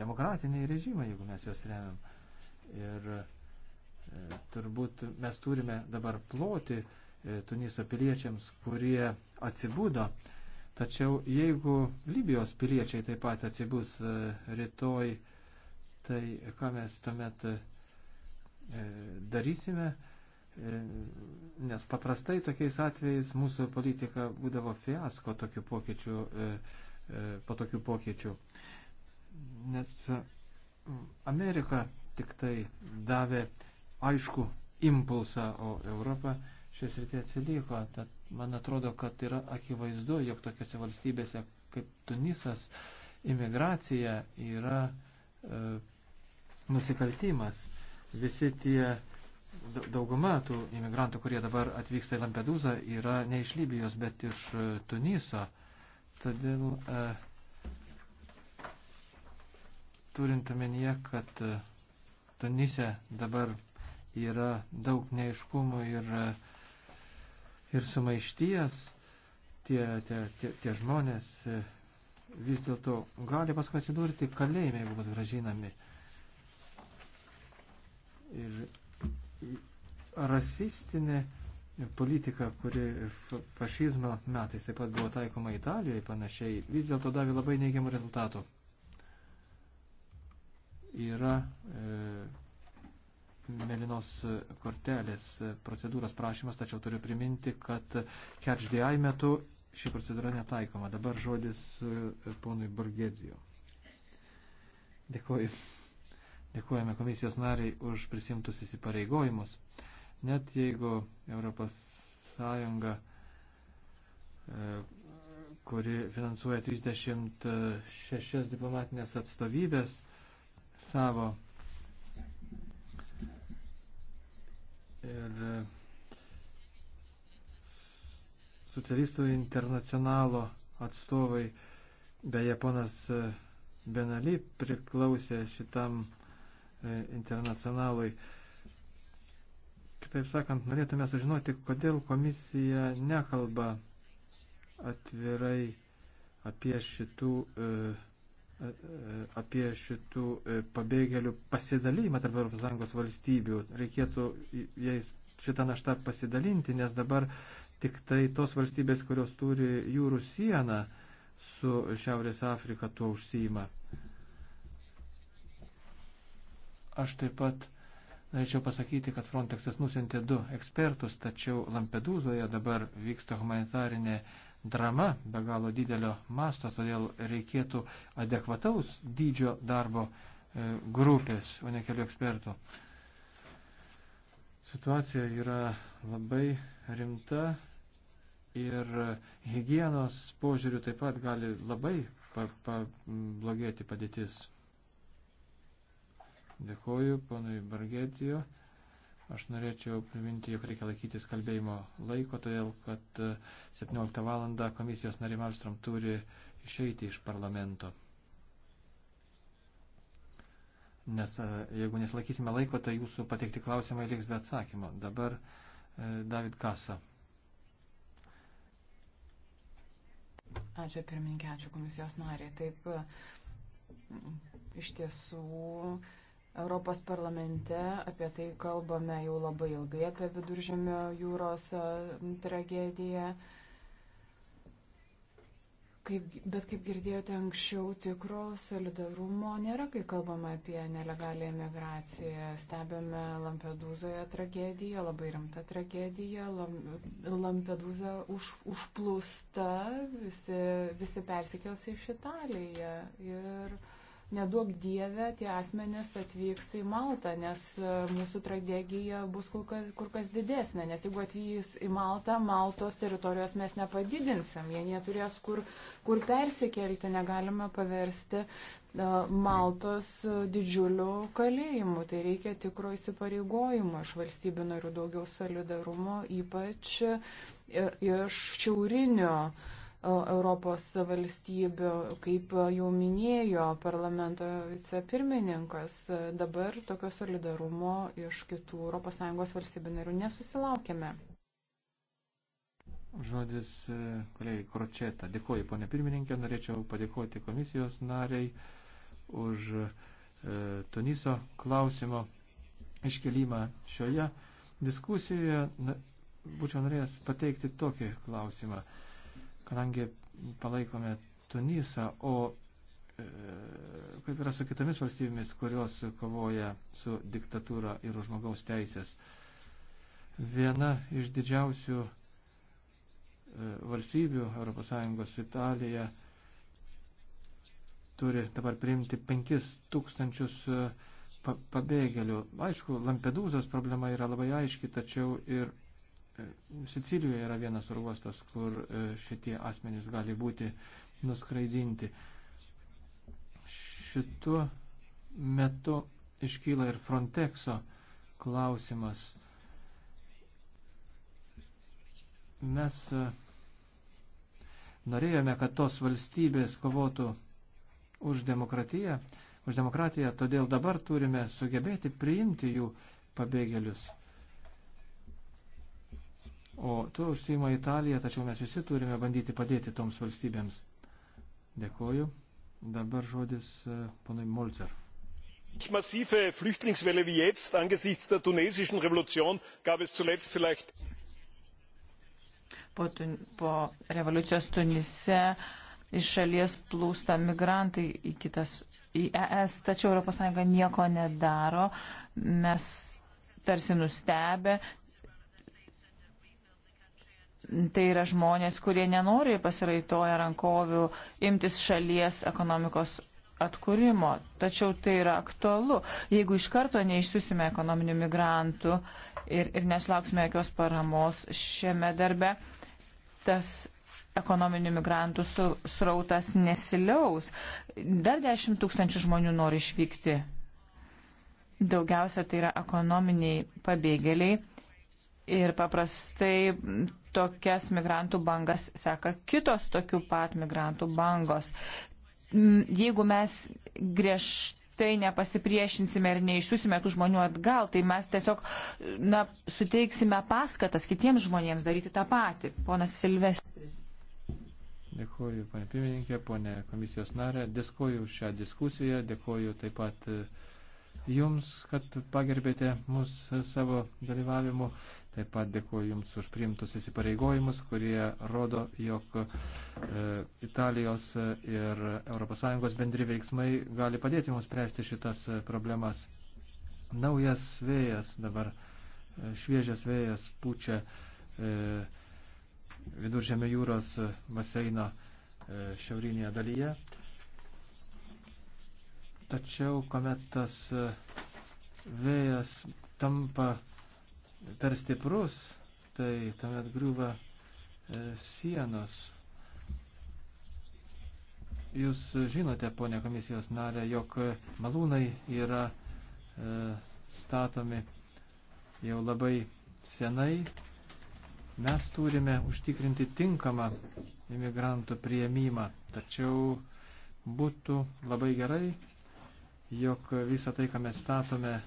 demokratiniai režimai, jeigu mes juos remiam. Ir e, turbūt mes turime dabar ploti Tuniso piliečiams, kurie atsibūdo. Tačiau jeigu Libijos piliečiai taip pat atsibūs rytoj, tai ką mes tuomet E, darysime, e, nes paprastai tokiais atvejais mūsų politika būdavo fiasko tokių pokyčių, e, po tokių pokyčių. Nes Amerika tik tai davė aišku impulsą, o Europa šios rytė atsiliko. Tad man atrodo, kad yra akivaizdu, jog tokiose valstybėse kaip Tunisas imigracija yra e, nusikaltimas. E, visi tie dauguma tų imigrantų, kurie dabar atvyksta į Lampedūzą, yra ne iš Libijos, bet iš e, Tuniso. Todėl e, turint omenyje, kad e, Tunise dabar yra daug neiškumų ir, e, ir sumaišties, tie, tie, tie, tie žmonės vis dėlto gali paskui atsidurti kalėjime, jeigu bus gražinami. E, Ir rasistinė politika, kuri fašizmo metais taip pat buvo taikoma Italijoje panašiai, vis dėlto davė labai neigiamų rezultatų. Yra e, melinos kortelės procedūros prašymas, tačiau turiu priminti, kad KHDI metu ši procedūra netaikoma. Dabar žodis e, ponui Borgėdzijo. Dėkuoju. Dėkojame komisijos nariai už prisimtus įsipareigojimus. Net jeigu Europos Sąjunga, e, kuri finansuoja 36 diplomatinės atstovybės savo ir socialistų internacionalo atstovai, beje, ponas Benali priklausė šitam E, internacionalui. Kitaip sakant, norėtume sužinoti, kodėl komisija nekalba atvirai apie šitų, e, e, apie šitų pabėgėlių pasidalymą tarp ES valstybių. Reikėtų jais šitą naštą pasidalinti, nes dabar tik tai tos valstybės, kurios turi jūrų sieną su Šiaurės Afrika, tuo užsijima. Aš taip pat norėčiau pasakyti, kad Frontexas nusintė du ekspertus, tačiau Lampedūzoje dabar vyksta humanitarinė drama be galo didelio masto, todėl reikėtų adekvataus dydžio darbo e, grupės, o ne kelių ekspertų. Situacija yra labai rimta ir hygienos požiūrių taip pat gali labai pablogėti pa, padėtis. Dėkuoju, ponui Bargetijo. Aš norėčiau priminti, jog reikia laikytis kalbėjimo laiko, todėl kad 17 e, val. komisijos narė Malstrom turi išeiti iš parlamento. Nes e, jeigu nesilaikysime laiko, tai jūsų pateikti klausimai liks be atsakymo. Dabar e, David Kasa. Ačiū pirmininkė, ačiū komisijos narė. Taip, iš tiesų Europos parlamente apie tai kalbame jau labai ilgai, apie viduržėmio jūros e, tragediją. Kaip, bet kaip girdėjote anksčiau, tikro solidarumo nėra, kai kalbame apie nelegalią emigraciją. Stebėme Lampedūzoje tragediją, labai rimta tragedija. Lampedūza už, užplūsta, visi, visi persikels iš Italiją. Ir nedaug dievę tie asmenys atvyks į Maltą, nes e, mūsų tragedija bus kur kas, kur kas didesnė, nes jeigu atvyks į Maltą, Maltos teritorijos mes nepadidinsim, jie neturės kur, kur persikelti, negalime paversti e, Maltos e, didžiuliu kalėjimu. Tai reikia tikro įsipareigojimo iš valstybių narių daugiau solidarumo, ypač iš šiaurinio Europos valstybių, kaip jau minėjo parlamento vicepirmininkas, dabar tokio solidarumo iš kitų ES valstybių narių nesusilaukėme. Žodis e, kolegai Kročeta. Dėkuoju, ponė pirmininkė, norėčiau padėkoti komisijos nariai už e, Tuniso klausimo iškelimą šioje diskusijoje. Na, būčiau norėjęs pateikti tokį klausimą. E, kadangi palaikome Tunisą, o e, kaip yra su kitomis valstybėmis, kurios kovoja su diktatūra ir už žmogaus teisės. Viena iš didžiausių e, valstybių ES Italija turi dabar priimti 5000 e, pabėgėlių. Aišku, Lampedūzos problema yra labai aiški, tačiau ir Sicilijoje yra vienas urvostas, kur e, šitie asmenys gali būti nuskraidinti. Šituo metu iškyla ir Frontexo klausimas. Mes e, norėjome, kad tos valstybės kovotų už demokratiją, už demokratiją, todėl dabar turime sugebėti priimti jų pabėgėlius. O tuo užsima Italija, tačiau mes visi turime bandyti padėti toms valstybėms. Dėkoju. Dabar žodis e, ponui Molzer massive flüchtlingswelle wie jetzt angesichts der tunesischen revolution gab es zuletzt vielleicht. po, tun, po revoliucijos tunise iš šalies plūsta migrantai į kitas į es tačiau europos sąjunga nieko nedaro mes tarsi nustebę Tai yra žmonės, kurie nenori pasiraitoja rankovių imtis šalies ekonomikos atkūrimo. Tačiau tai yra aktualu. Jeigu iš karto neišsiusime ekonominių migrantų ir, ir neslauksime jokios paramos šiame darbe, tas ekonominių migrantų srautas nesiliaus. Dar dešimt tūkstančių žmonių nori išvykti. Daugiausia tai yra ekonominiai pabėgėliai ir paprastai tokias migrantų bangas seka kitos tokių pat migrantų bangos. Jeigu mes griežtai tai nepasipriešinsime ir neišsiusime tų žmonių atgal, tai mes tiesiog na, suteiksime paskatas kitiems žmonėms daryti tą patį. Ponas Silvestris. Dėkuoju, ponė pirmininkė, ponė komisijos narė, dėkuoju už šią diskusiją, dėkuoju taip pat e, Jums, kad pagerbėte mus savo dalyvavimu. Taip pat dėkuoju Jums už priimtus įsipareigojimus, kurie rodo, jog e, Italijos e, ir ES bendri veiksmai gali padėti Mums spręsti šitas e, problemas. Naujas vėjas dabar, šviežias vėjas pučia viduržėmio jūros baseino šiaurinėje dalyje. Tačiau, kuomet tas vėjas tampa per stiprus, tai tuomet griūva e, sienos. Jūs žinote, ponė komisijos narė, jog malūnai yra e, statomi jau labai senai. Mes turime užtikrinti tinkamą imigrantų prieimimą, tačiau būtų labai gerai, jog visą tai, ką mes statome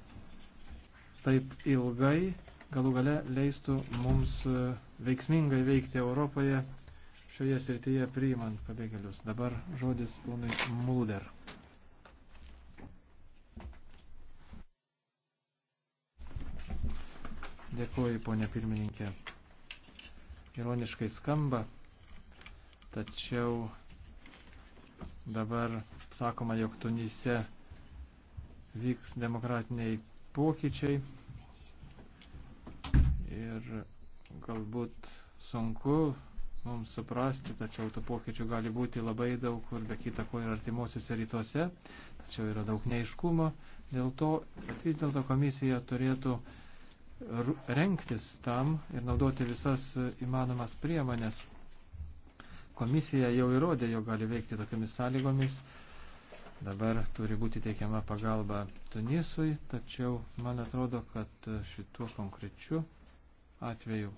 taip ilgai, galų gale leistų mums e, veiksmingai veikti Europoje šioje srityje priimant pabėgėlius. Dabar žodis ponui Mulder. Dėkuoju, ponė pirmininkė. Ironiškai skamba, tačiau dabar sakoma, jog Tunise vyks demokratiniai pokyčiai ir galbūt sunku mums suprasti, tačiau tų pokyčių gali būti labai daug, kur be kita ko ir artimuosiuose rytuose, tačiau yra daug neiškumo, dėl to, bet vis dėlto komisija turėtų renktis tam ir naudoti visas įmanomas priemonės. Komisija jau įrodė, jog gali veikti tokiamis sąlygomis. Dabar turi būti teikiama pagalba Tunisui, tačiau man atrodo, kad šituo konkrečiu atveju.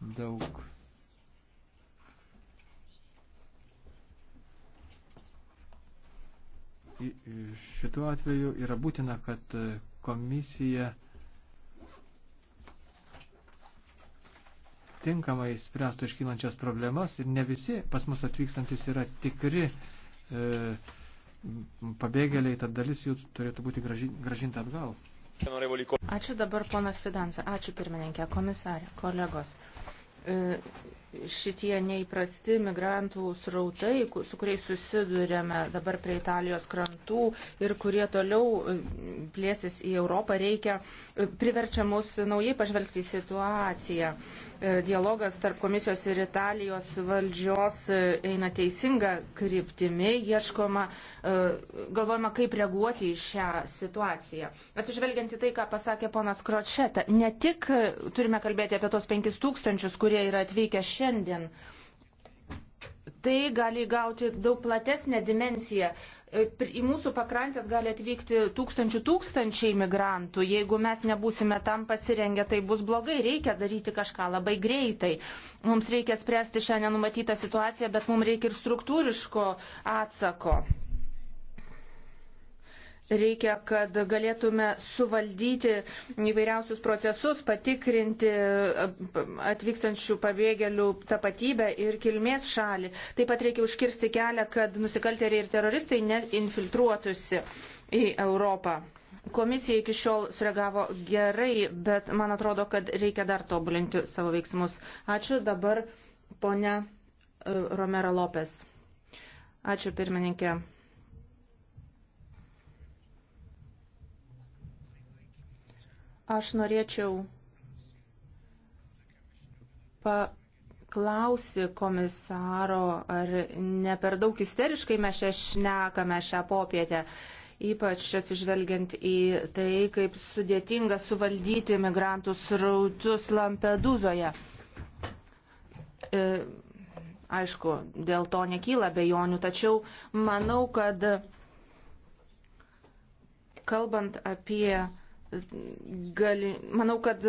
Daug šituo atveju yra būtina, kad e, komisija tinkamai spręstų iškylančias problemas ir ne visi pas mus atvykstantis yra tikri e, pabėgėliai, tad dalis jų turėtų būti graži, gražinta atgal. Ačiū dabar ponas Fidansa, ačiū pirmininkė, komisarė, kolegos. E, šitie neįprasti migrantų srautai, su kuriais susidurėme dabar prie Italijos krantų ir kurie toliau e, plėsis į Europą, reikia, e, priverčia mus naujai pažvelgti į situaciją. E, dialogas tarp komisijos ir Italijos valdžios e, eina teisinga kryptimi, ieškoma, e, galvojama, kaip reaguoti į šią situaciją. Atsižvelgiant į tai, ką pasakė ponas Kročeta, ne tik turime kalbėti apie tos 5000, kurie yra atvykę šiandien, tai gali gauti daug platesnę dimensiją E, į mūsų pakrantės gali atvykti tūkstančių tūkstančiai migrantų. Jeigu mes nebūsime tam pasirengę, tai bus blogai. Reikia daryti kažką labai greitai. Mums reikia spręsti šią nenumatytą situaciją, bet mums reikia ir struktūriško atsako. Reikia, kad galėtume suvaldyti įvairiausius procesus, patikrinti atvykstančių pabėgėlių tapatybę ir kilmės šalį. Taip pat reikia užkirsti kelią, kad nusikaltėliai ir teroristai neinfiltruotųsi į Europą. Komisija iki šiol sureagavo gerai, bet man atrodo, kad reikia dar tobulinti savo veiksmus. Ačiū dabar ponia e, Romera Lopes. Ačiū pirmininkė. Aš norėčiau paklausi komisaro, ar ne per daug isteriškai mes čia šnekame šią popietę, ypač atsižvelgiant į tai, kaip sudėtinga suvaldyti migrantų srautus Lampedūzoje. E, aišku, dėl to nekyla bejonių, tačiau manau, kad kalbant apie gali, manau, kad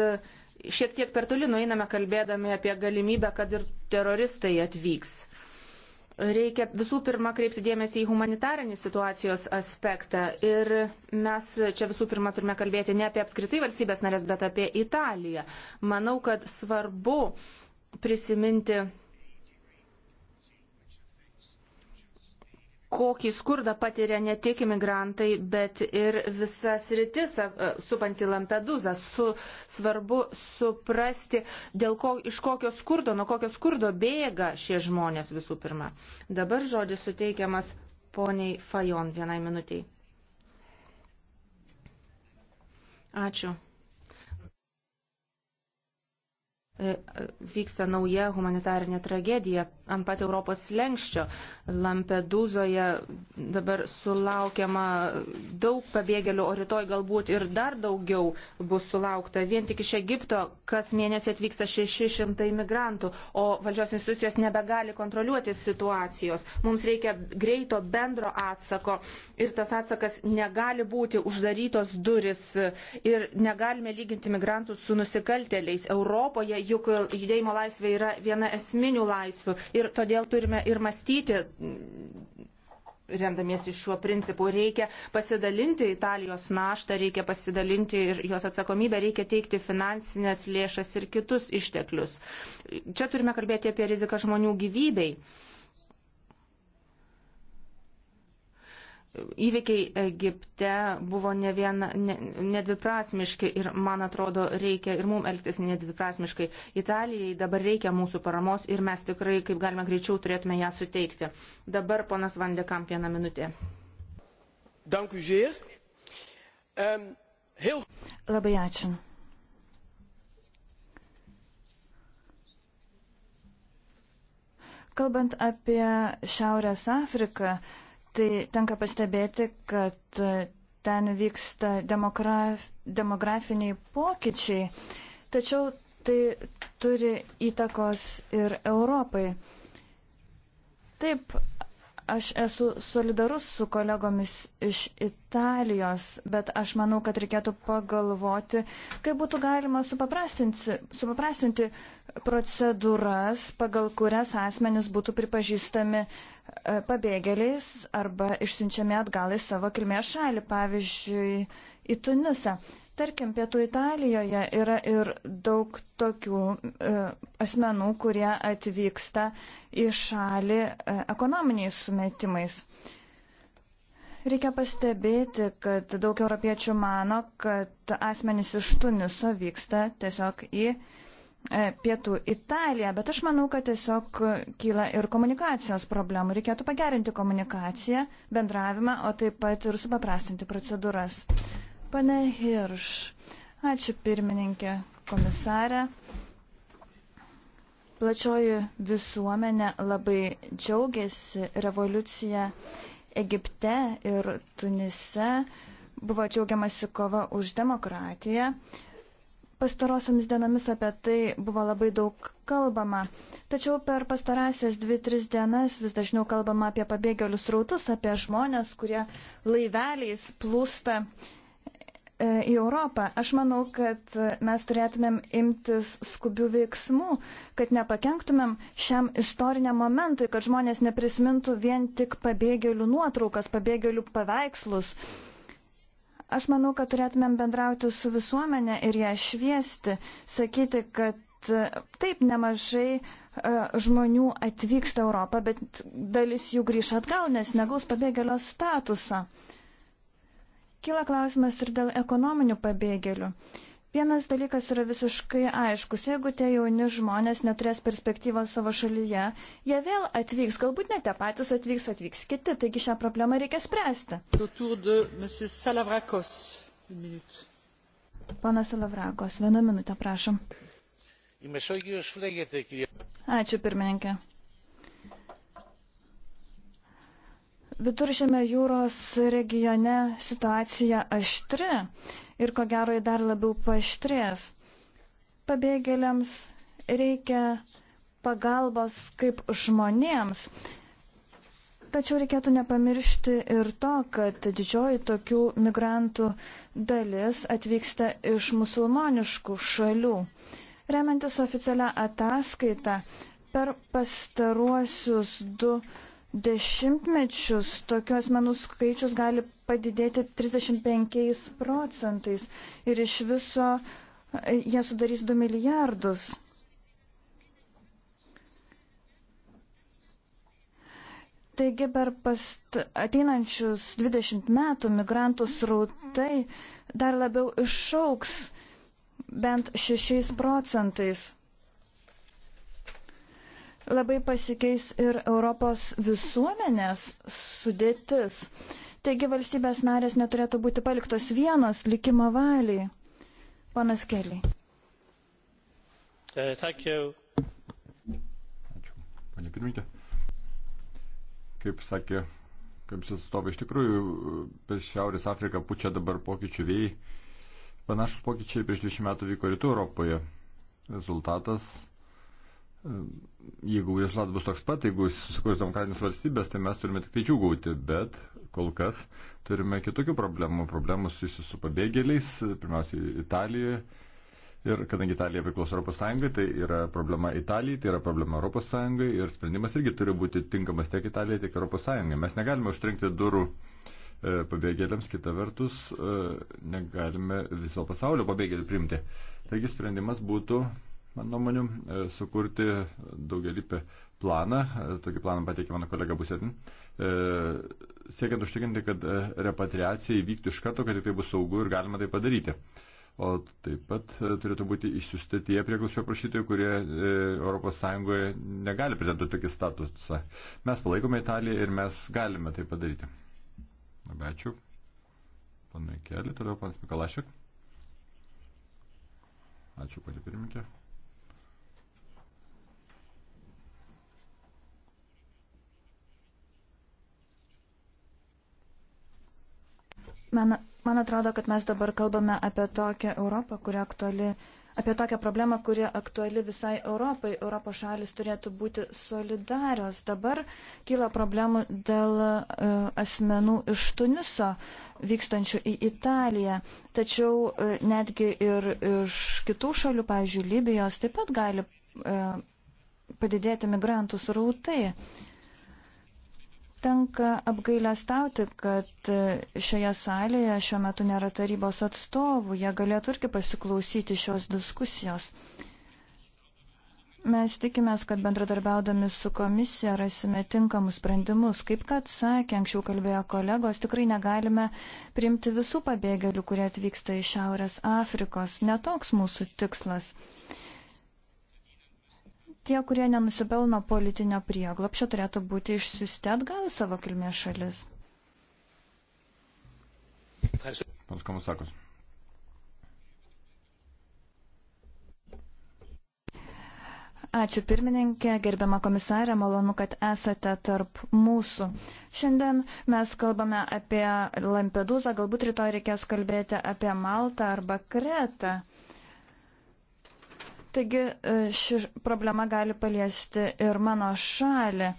šiek tiek per toli nueiname kalbėdami apie galimybę, kad ir teroristai atvyks. Reikia visų pirma kreipti dėmesį į humanitarinį situacijos aspektą ir mes čia visų pirma turime kalbėti ne apie apskritai valstybės narės, bet apie Italiją. Manau, kad svarbu prisiminti kokį skurdą patiria ne tik imigrantai, bet ir visas rytis supanti Lampedusą. Su, svarbu suprasti, ko, iš kokio skurdo, nuo kokio skurdo bėga šie žmonės visų pirma. Dabar žodis suteikiamas poniai Fajon vienai minutiai. Ačiū. E, vyksta nauja humanitarinė tragedija ant pat Europos slengščio. Lampedūzoje dabar sulaukiama daug pabėgėlių, o rytoj galbūt ir dar daugiau bus sulaukta. Vien tik iš Egipto kas mėnesį atvyksta 600 imigrantų, o valdžios institucijos nebegali kontroliuoti situacijos. Mums reikia greito bendro atsako ir tas atsakas negali būti uždarytos duris ir negalime lyginti imigrantų su nusikalteliais. Europoje juk judėjimo laisvė yra viena esminių laisvių ir todėl turime ir mąstyti. Mm, remdamiesi šiuo principu, reikia pasidalinti Italijos naštą, reikia pasidalinti ir jos atsakomybę, reikia teikti finansinės lėšas ir kitus išteklius. Čia turime kalbėti apie riziką žmonių gyvybei. Uh, Įvykiai Egipte buvo ne viena, nedviprasmiški ne ir, man atrodo, reikia ir mums elgtis nedviprasmiškai. Italijai dabar reikia mūsų paramos ir mes tikrai, kaip galima greičiau, turėtume ją suteikti. Dabar ponas Vandekam vieną minutę. Dank u zeer. Um, heel... Labai ačiū. Kalbant apie Šiaurės Afriką, uh, tai tenka pastebėti, kad ten vyksta demograf, demografiniai pokyčiai, tačiau tai turi įtakos ir Europai. Taip, Aš esu solidarus su kolegomis iš Italijos, bet aš manau, kad reikėtų pagalvoti, kaip būtų galima supaprastinti, supaprastinti procedūras, pagal kurias asmenys būtų pripažįstami e, pabėgėliais arba išsiunčiami atgal į savo kilmės šalį, pavyzdžiui, į Tunisą. Tarkim, Pietų Italijoje yra ir daug tokių e, asmenų, kurie atvyksta į šalį e, ekonominiais sumetimais. Reikia pastebėti, kad daug europiečių mano, kad asmenys iš Tuniso vyksta tiesiog į e, Pietų Italiją, bet aš manau, kad tiesiog kyla ir komunikacijos problemų. Reikėtų pagerinti komunikaciją, bendravimą, o taip pat ir supaprastinti procedūras. Pane Hirš, ačiū pirmininkė komisarė. Plačioji visuomenė labai džiaugiasi revoliucija Egipte ir Tunise. Buvo džiaugiamasi kova už demokratiją. Pastarosiamis dienomis apie tai buvo labai daug kalbama. Tačiau per pastarąsias 2-3 dienas vis dažniau kalbama apie pabėgėlius rautus, apie žmonės, kurie laiveliais plūsta E, į Europą. Aš manau, kad mes turėtumėm imtis skubių veiksmų, kad nepakenktumėm šiam istoriniam momentui, kad žmonės neprisimintų vien tik pabėgėlių nuotraukas, pabėgėlių paveikslus. Aš manau, kad turėtumėm bendrauti su visuomenė ir ją šviesti, sakyti, kad e, taip nemažai e, žmonių atvyksta Europą, bet dalis jų grįžta atgal, nes negaus pabėgėlio statusą. Uh, Kila klausimas ir dėl ekonominių pabėgėlių. Vienas dalykas yra visiškai aiškus. Jeigu tie jauni žmonės neturės perspektyvos savo šalyje, jie vėl atvyks. Galbūt ne tie patys atvyks, atvyks kiti. Taigi šią problemą reikia spręsti. Panas Salavrakos, vieną minutę prašom. Ačiū pirmininkė. Viduržėme jūros regione situacija aštri ir ko gero dar labiau paštrės. Pabėgėliams reikia pagalbos kaip žmonėms. Tačiau reikėtų nepamiršti ir to, kad didžioji tokių migrantų dalis atvyksta iš musulmoniškų šalių. Remiantis oficialią ataskaitą, per pastaruosius du metus dešimtmečius tokių asmenų skaičius gali padidėti 35 procentais ir iš viso e, jie sudarys 2 milijardus. Taigi per past... ateinančius 20 metų migrantų srautai dar labiau išauks bent 6 procentais labai pasikeis ir Europos visuomenės sudėtis. Taigi valstybės narės neturėtų būti paliktos vienos likimo valiai. Panas Keliai. Uh, Ačiū, panė pirmininkė. Kaip sakė, kaip jūs atstovai, iš tikrųjų per Šiaurės Afriką pučia dabar pokyčių vėjai. Panašus pokyčiai prieš 20 metų vyko rytų Europoje. Rezultatas jeigu rezultatas bus toks pat, jeigu susikurs demokratinės valstybės, tai mes turime tik tai džiūgauti, bet kol kas turime kitokių problemų, problemų susijusių su pabėgėliais, pirmiausiai Italijoje. Ir kadangi Italija priklauso Europos Sąjungai, tai yra problema Italijai, tai yra problema Europos Sąjungai ir sprendimas irgi turi būti tinkamas tiek Italijai, tiek Europos Sąjungai. Mes negalime užtrenkti durų e, pabėgėliams, kita vertus e, negalime viso pasaulio pabėgėlių priimti. Taigi sprendimas būtų man nuomonių, e, sukurti daugelįpį planą, e, tokį planą pateikė mano kolega Busetin, e, siekiant užtikrinti, kad repatriacija įvyktų iš karto, kad tai bus saugu ir galima tai padaryti. O taip pat turėtų būti išsiusti tie prieglusio prašytojai, kurie ES negali prezentuoti tokį statusą. Mes palaikome Italiją ir mes galime tai padaryti. Labai ačiū. Pana Kelį, toliau panas Mikalašek. Ačiū, pati pirmininkė. Man, man atrodo, kad mes dabar kalbame apie tokią Europą, kuri aktuali, apie tokią problemą, kuri aktuali visai Europai. Europos šalis turėtų būti solidarios. Dabar kyla problemų dėl uh, asmenų iš Tuniso vykstančių į Italiją. Tačiau uh, netgi ir iš kitų šalių, pavyzdžiui, Libijos, taip pat gali uh, padidėti migrantų srautai. Uh, Tenka apgailestauti, kad šioje salėje šiuo metu nėra tarybos atstovų, jie galėtų irgi pasiklausyti šios diskusijos. Mes tikimės, kad bendradarbiaudami su komisija rasime tinkamus sprendimus. Kaip kad sakė, anksčiau kalbėjo kolegos, tikrai negalime priimti visų pabėgėlių, kurie atvyksta iš Šiaurės Afrikos. Netoks mūsų tikslas tie, kurie nenusipelno politinio prieglapšio, turėtų būti išsiusti atgal į savo kilmės šalis. Pans Komusakos. Ačiū pirmininkė, gerbiama komisarė, malonu, kad esate tarp mūsų. Šiandien mes kalbame apie Lampedūzą, galbūt rytoj reikės kalbėti apie Maltą arba Kretą. Taigi e, ši problema gali paliesti ir mano šalį.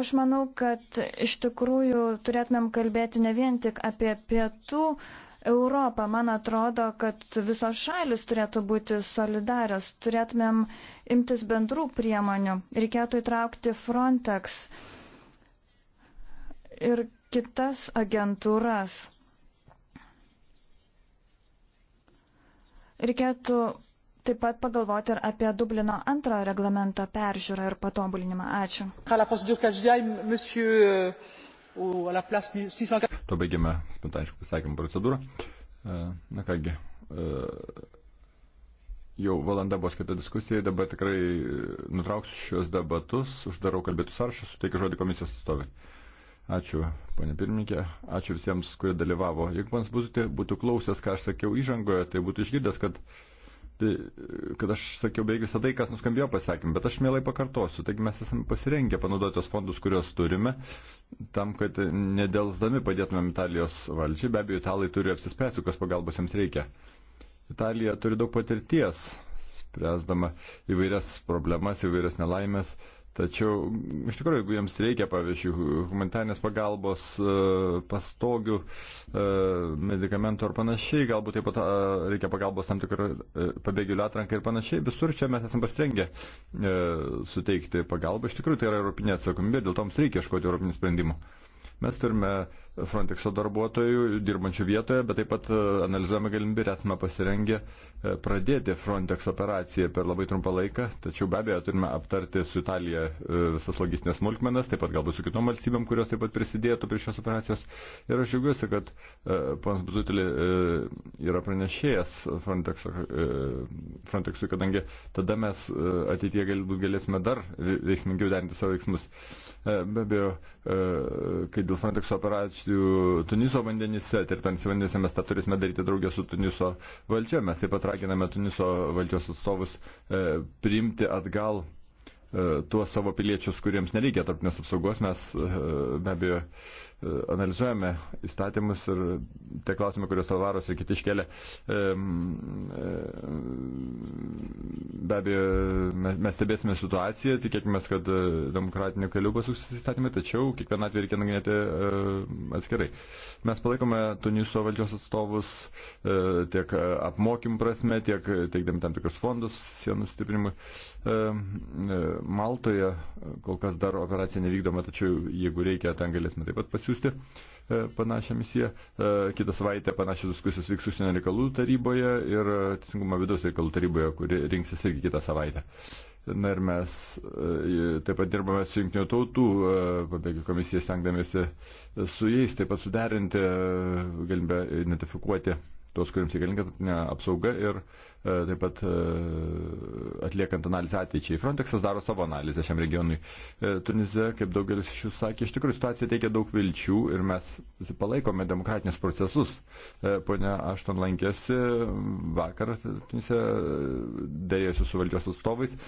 Aš manau, kad iš tikrųjų turėtumėm kalbėti ne vien tik apie pietų Europą. Man atrodo, kad visos šalis turėtų būti solidarios, turėtumėm imtis bendrų priemonių. Reikėtų įtraukti Frontex ir kitas agentūras. Reikėtų taip pat pagalvoti ir apie Dublino antrojo reglamento peržiūrą ir patobulinimą. Ačiū. E, to baigiame spontaniškų pasakymų procedūrą. E, na kągi, e, jau valanda buvo skirta diskusijai, dabar tikrai nutrauksiu šios debatus, uždarau kalbėtų sąrašą, suteikiu žodį komisijos atstovai. Ačiū, ponė pirmininkė, ačiū visiems, kurie dalyvavo. Jeigu panas būtų, būtų klausęs, ką aš sakiau įžangoje, tai būtų išgirdęs, kad uh, Tai, kad aš sakiau beveik visą tai, kas nuskambėjo pasakymą, bet aš mielai pakartosiu. Taigi mes esame pasirengę panaudoti tos fondus, kuriuos turime, tam, kad nedelsdami padėtumėm Italijos valdžiai. Be abejo, italai turi apsispręsti, kokios pagalbos jiems reikia. Italija turi daug patirties, spręsdama įvairias problemas, įvairias nelaimės. Uh, Tačiau iš tikrųjų, jeigu jiems reikia, pavyzdžiui, humanitarnės pagalbos, e, pastogių, e, medikamentų ar panašiai, galbūt taip pat reikia pagalbos tam tikrą e, pabėgėlių atranką ir panašiai, visur čia mes esame pasirengę suteikti pagalbą. Iš tikrųjų, tai yra europinė atsakomybė, dėl to mums reikia iškoti europinių sprendimų. Mes turime uh, Frontexo darbuotojų dirbančių vietoje, bet taip pat e, analizuojame galimybę ir esame pasirengę e, pradėti Frontex operaciją per labai trumpą laiką, tačiau be abejo turime aptarti su Italija e, visas logistinės smulkmenas, taip pat galbūt su kitom valstybėm, kurios taip pat prisidėtų prie šios operacijos. Ir aš džiaugiuosi, kad ponas Buzutelė yra pranešėjęs Frontexo, Frontexui, kadangi tada mes ateitie galbūt galėsime dar veiksmingiau derinti savo veiksmus. Be abejo, kai dėl Frontexo operacijos misijų Tuniso vandenyse, teritoriniuose vandenyse mes tą turėsime daryti draugę su Tuniso valdžia. Mes taip pat raginame Tuniso valdžios atstovus e, priimti atgal e, tuos savo piliečius, kuriems nereikia tarpinės apsaugos. Mes e, be abejo. E, E, analizuojame įstatymus ir tie klausimai, kuriuos Alvaros ir kiti iškelia, e, be abejo, mes stebėsime situaciją, tikėkime, kad e, demokratinių kelių bus įstatymai, tačiau kiekvieną atveju reikia nagrinėti atskirai. Mes palaikome Tuniso valdžios atstovus tiek apmokymų prasme, tiek teikdami tam tikrus fondus sienų stiprinimui. Maltoje kol kas dar operacija nevykdoma, tačiau jeigu reikia, ten galėsime taip pat pasiūlyti nusiųsti e, panašią misiją. E, kitą savaitę panašios diskusijos vyks užsienio reikalų taryboje ir e, teisingumo vidaus reikalų taryboje, kuri rinksis irgi kitą savaitę. Na ir mes taip pat dirbame su Junktinių tautų pabėgėlių komisija, stengdamėsi su jais taip pat suderinti, galime identifikuoti tuos, kuriems reikalinga apsauga ir uh, E, taip pat e, atliekant analizę ateičiai. Frontexas daro savo analizę šiam regionui. E, Tunize, kaip daugelis iš jūsų sakė, iš tikrųjų situacija teikia daug vilčių ir mes palaikome demokratinius procesus. Pone Ašton lankėsi vakar Tunise, dėrėjusi su valdžios atstovais.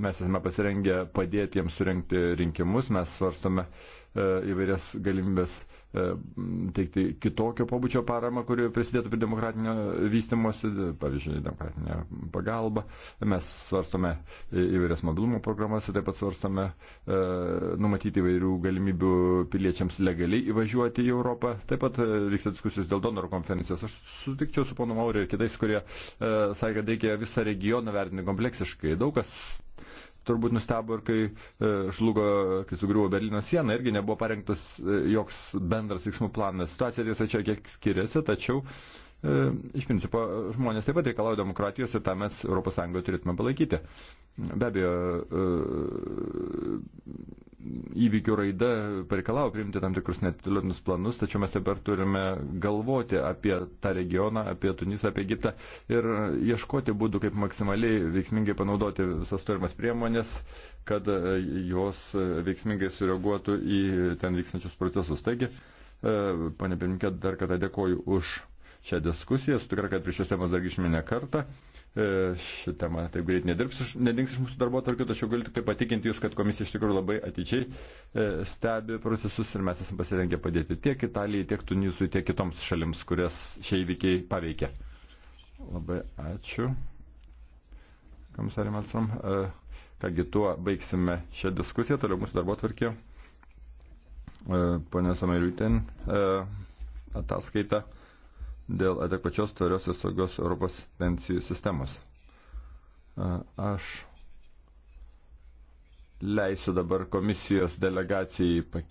Mes esame pasirengę padėti jiems surinkti rinkimus, mes svarstome įvairias galimybės uh, E, teikti kitokio pobūdžio paramą, kuri prisidėtų prie demokratinio vystimosi, pavyzdžiui, demokratinė pagalba. Mes svarstome įvairias mobilumo programas, taip pat svarstome e, numatyti įvairių galimybių piliečiams legaliai įvažiuoti į Europą. Taip pat e, vyksta diskusijos dėl donorų konferencijos. Aš sutikčiau su ponu Mauriu ir kitais, kurie e, sakė, kad reikia visą regioną vertinti kompleksiškai. Daug kas turbūt nustebo ir kai e, žlugo, kai sugriuvo Berlyno siena, irgi nebuvo parengtas e, joks bendras veiksmų planas. Situacija tiesa čia kiek skiriasi, tačiau e, iš principo žmonės taip pat reikalauja demokratijos ir tą mes ES turėtume palaikyti. Be abejo, įvykių raida pareikalavo priimti tam tikrus netitulinius planus, tačiau mes dabar turime galvoti apie tą regioną, apie Tunisą, apie Egiptą ir ieškoti būdų, kaip maksimaliai veiksmingai panaudoti visas turimas priemonės, kad e, jos veiksmingai sureaguotų į ten vykstančius procesus. Taigi, e, pane pirmininkė, dar kartą dėkoju už šią diskusiją, sutikra, kad prie šios temos dar grįžtume ne kartą. E, ši tema taip greit nedirbs, nedings iš mūsų darbo tarkių, tačiau galiu tik tai patikinti Jūs, kad komisija iš tikrųjų labai ateičiai e, stebi procesus ir mes esame pasirengę padėti tiek Italijai, tiek Tunisui, tiek kitoms šalims, kurias šie įvykiai paveikia. Labai ačiū. Komisarė Malsom. E, kągi tuo baigsime šią diskusiją, toliau mūsų darbo tvarkė. Pane Someriutin, ataskaita dėl adekvačios tvarios ir saugios Europos pensijų sistemos. Aš leisiu dabar komisijos delegacijai pakeisti.